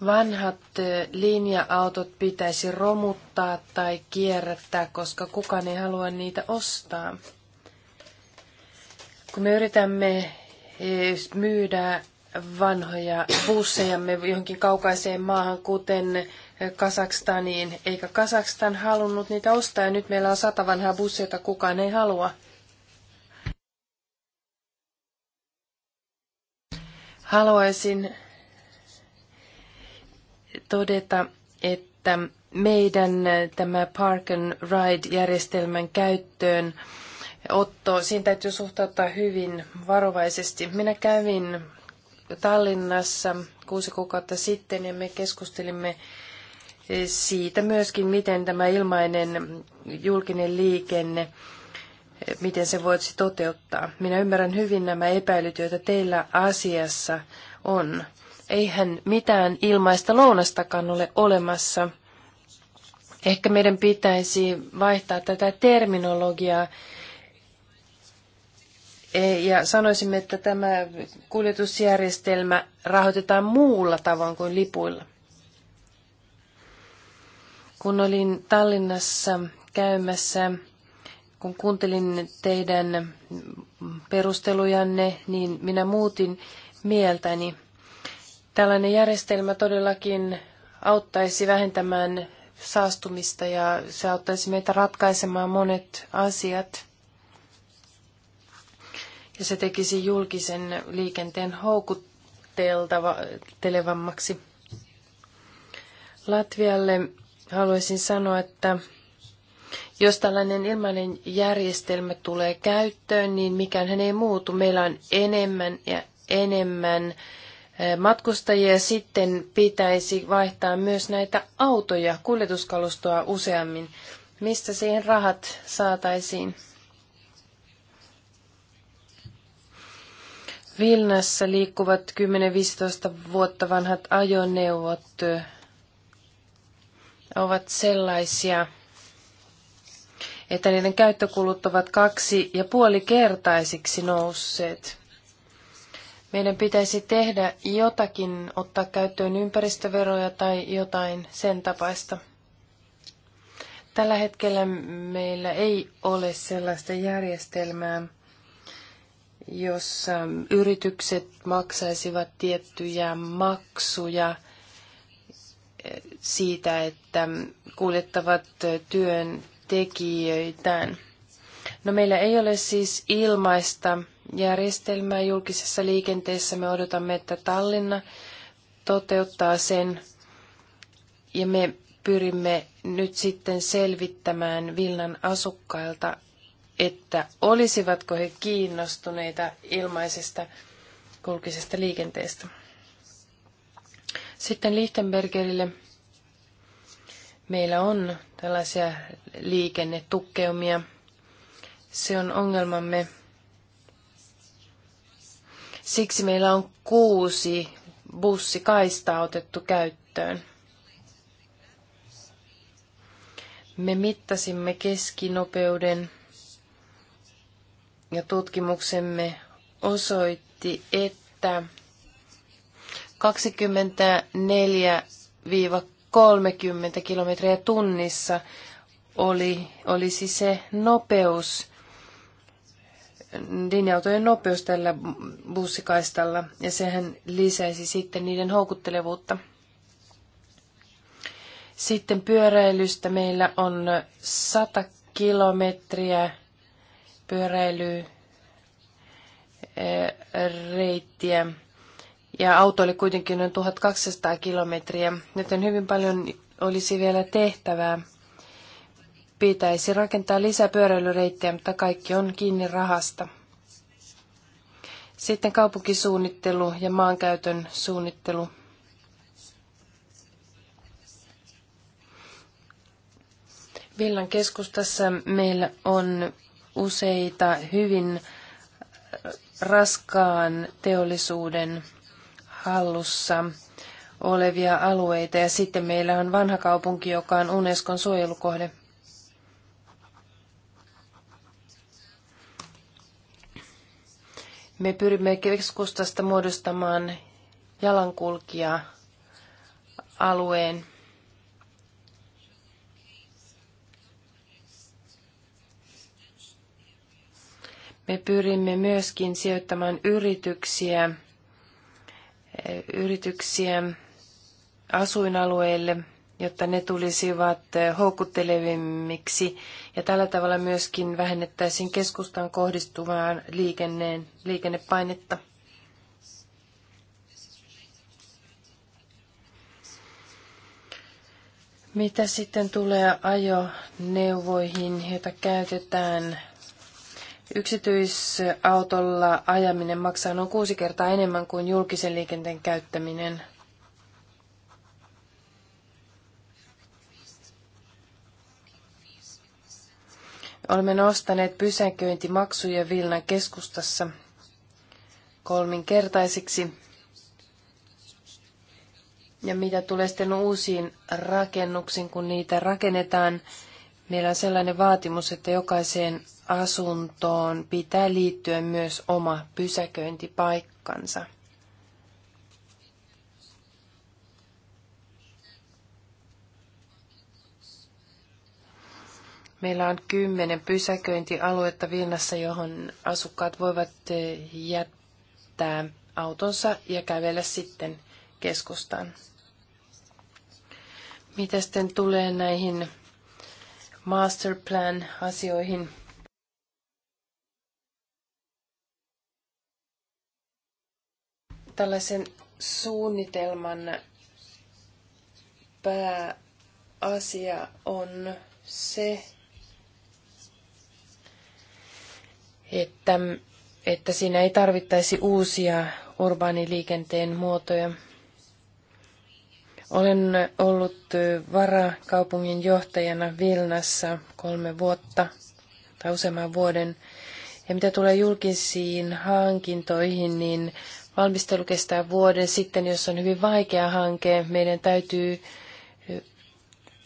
Vanhat eh, linja-autot pitäisi romuttaa tai kierrättää, koska kukaan ei halua niitä ostaa. Kun me yritämme e, myydä vanhoja bussejamme johonkin kaukaiseen maahan, kuten Kasakstaniin, eikä Kasakstan halunnut niitä ostaa, ja nyt meillä on sata vanhaa busseja, joita kukaan ei halua. Haluaisin todeta, että meidän tämä Park and Ride-järjestelmän käyttöön otto, siinä täytyy suhtautua hyvin varovaisesti. Minä kävin Tallinnassa kuusi kuukautta sitten ja me keskustelimme siitä myöskin, miten tämä ilmainen julkinen liikenne, miten se voisi toteuttaa. Minä ymmärrän hyvin nämä epäilyt, joita teillä asiassa on. Eihän mitään ilmaista lounastakaan ole olemassa. Ehkä meidän pitäisi vaihtaa tätä terminologiaa E, ja sanoisimme, että tämä kuljetusjärjestelmä rahoitetaan muulla tavoin kuin lipuilla. Kun olin Tallinnassa käymässä, kun kuuntelin teidän perustelujanne, niin minä muutin mieltäni. Tällainen järjestelmä todellakin auttaisi vähentämään saastumista ja se auttaisi meitä ratkaisemaan monet asiat ja se tekisi julkisen liikenteen houkuttelevammaksi. Latvialle haluaisin sanoa, että jos tällainen ilmainen järjestelmä tulee käyttöön, niin mikään hän ei muutu. Meillä on enemmän ja enemmän eh, matkustajia ja sitten pitäisi vaihtaa myös näitä autoja, kuljetuskalustoa useammin. Mistä siihen rahat saataisiin? Vilnassa liikkuvat 10-15 vuotta vanhat ajoneuvot ovat sellaisia, että niiden käyttökulut ovat kaksi ja puoli kertaisiksi nousseet. Meidän pitäisi tehdä jotakin, ottaa käyttöön ympäristöveroja tai jotain sen tapaista. Tällä hetkellä meillä ei ole sellaista järjestelmää, jossa yritykset maksaisivat tiettyjä maksuja eh, siitä, että kuljettavat työntekijöitään. No meillä ei ole siis ilmaista järjestelmää julkisessa liikenteessä. Me odotamme, että Tallinna toteuttaa sen ja me pyrimme nyt sitten selvittämään Vilnan asukkailta että olisivatko he kiinnostuneita ilmaisesta kulkisesta liikenteestä. Sitten Lichtenbergerille meillä on tällaisia liikennetukkeumia. Se on ongelmamme. Siksi meillä on kuusi bussikaistaa otettu käyttöön. Me mittasimme keskinopeuden ja tutkimuksemme osoitti, että 24-30 kilometriä tunnissa oli, olisi se nopeus, linja-autojen nopeus tällä bussikaistalla, ja sehän lisäisi sitten niiden houkuttelevuutta. Sitten pyöräilystä meillä on 100 kilometriä pyöräilyreittiä. Eh, ja auto oli kuitenkin noin 1200 kilometriä, joten hyvin paljon olisi vielä tehtävää. Pitäisi rakentaa lisää pyöräilyreittiä, mutta kaikki on kiinni rahasta. Sitten kaupunkisuunnittelu ja maankäytön suunnittelu. Villan keskustassa meillä on useita hyvin raskaan teollisuuden hallussa olevia alueita ja sitten meillä on vanha kaupunki, joka on Unescon suojelukohde. Me pyrimme keskustasta muodostamaan jalankulkija alueen. Me pyrimme myöskin sijoittamaan yrityksiä, eh, yrityksiä asuinalueille, jotta ne tulisivat eh, houkuttelevimmiksi ja tällä tavalla myöskin vähennettäisiin keskustaan kohdistuvaa liikenneen, liikennepainetta. Mitä sitten tulee ajoneuvoihin, joita käytetään Yksityisautolla ajaminen maksaa noin kuusi kertaa enemmän kuin julkisen liikenteen käyttäminen. Olemme nostaneet pysäköintimaksuja Vilnan keskustassa kolminkertaisiksi. Ja mitä tulee sitten uusiin rakennuksiin, kun niitä rakennetaan, meillä on sellainen vaatimus, että jokaiseen asuntoon pitää liittyä myös oma pysäköintipaikkansa. Meillä on kymmenen pysäköintialuetta Vilnassa, johon asukkaat voivat eh, jättää autonsa ja kävellä sitten keskustaan. Mitä sitten tulee näihin masterplan-asioihin? tällaisen suunnitelman pääasia on se, että, että siinä ei tarvittaisi uusia urbaaniliikenteen muotoja. Olen ollut varakaupungin johtajana Vilnassa kolme vuotta tai useamman vuoden. Ja mitä tulee julkisiin hankintoihin, niin valmistelu kestää vuoden sitten, jos on hyvin vaikea hanke. Meidän täytyy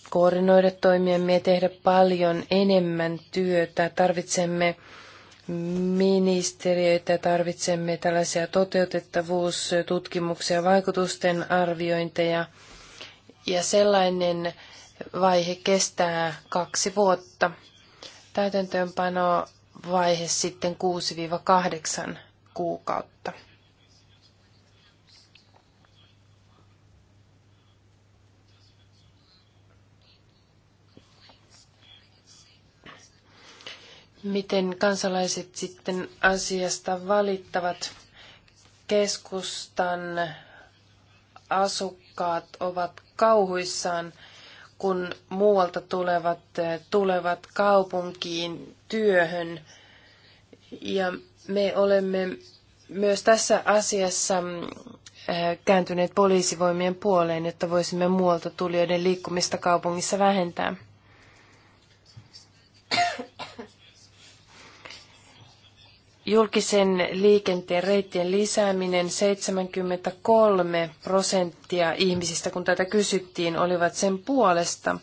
koordinoida toimiamme ja tehdä paljon enemmän työtä. Tarvitsemme ministeriöitä, tarvitsemme tällaisia toteutettavuustutkimuksia, vaikutusten arviointeja. Ja sellainen vaihe kestää kaksi vuotta. Täytäntöönpano vaihe sitten 6-8 kuukautta. miten kansalaiset sitten asiasta valittavat. Keskustan asukkaat ovat kauhuissaan, kun muualta tulevat tulevat kaupunkiin työhön. Ja me olemme myös tässä asiassa äh, kääntyneet poliisivoimien puoleen, jotta voisimme muualta tulijoiden liikkumista kaupungissa vähentää. Julkisen liikenteen reittien lisääminen 73 prosenttia ihmisistä, kun tätä kysyttiin, olivat sen puolesta,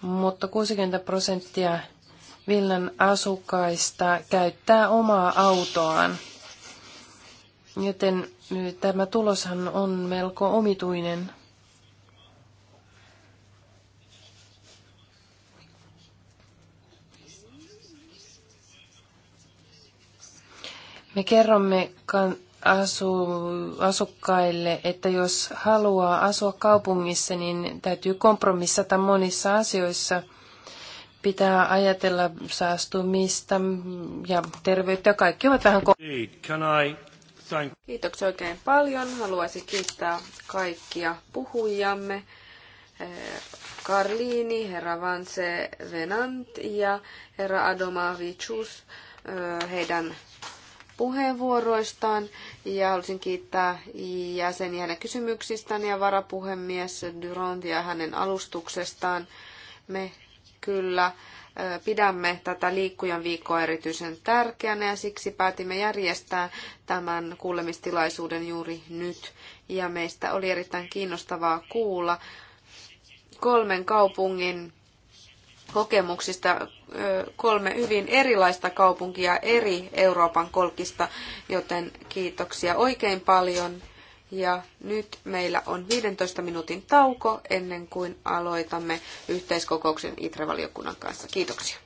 mutta 60 prosenttia Villan asukkaista käyttää omaa autoaan. Joten tämä tuloshan on melko omituinen. Me kerromme asu, asukkaille, että jos haluaa asua kaupungissa, niin täytyy kompromissata monissa asioissa. Pitää ajatella saastumista ja terveyttä. Kaikki ovat vähän... Ko- Kiitoksia oikein paljon. Haluaisin kiittää kaikkia puhujamme. Eh, Karliini, herra Vance Venant ja herra Adoma Vichus, eh, heidän puheenvuoroistaan ja haluaisin kiittää jäseniä hänen kysymyksistään ja varapuhemies Durantia hänen alustuksestaan. Me kyllä pidämme tätä liikkujan viikkoa erityisen tärkeänä ja siksi päätimme järjestää tämän kuulemistilaisuuden juuri nyt. Ja meistä oli erittäin kiinnostavaa kuulla kolmen kaupungin kokemuksista kolme hyvin erilaista kaupunkia eri Euroopan kolkista, joten kiitoksia oikein paljon. Ja nyt meillä on 15 minuutin tauko ennen kuin aloitamme yhteiskokouksen ITRE-valiokunnan kanssa. Kiitoksia.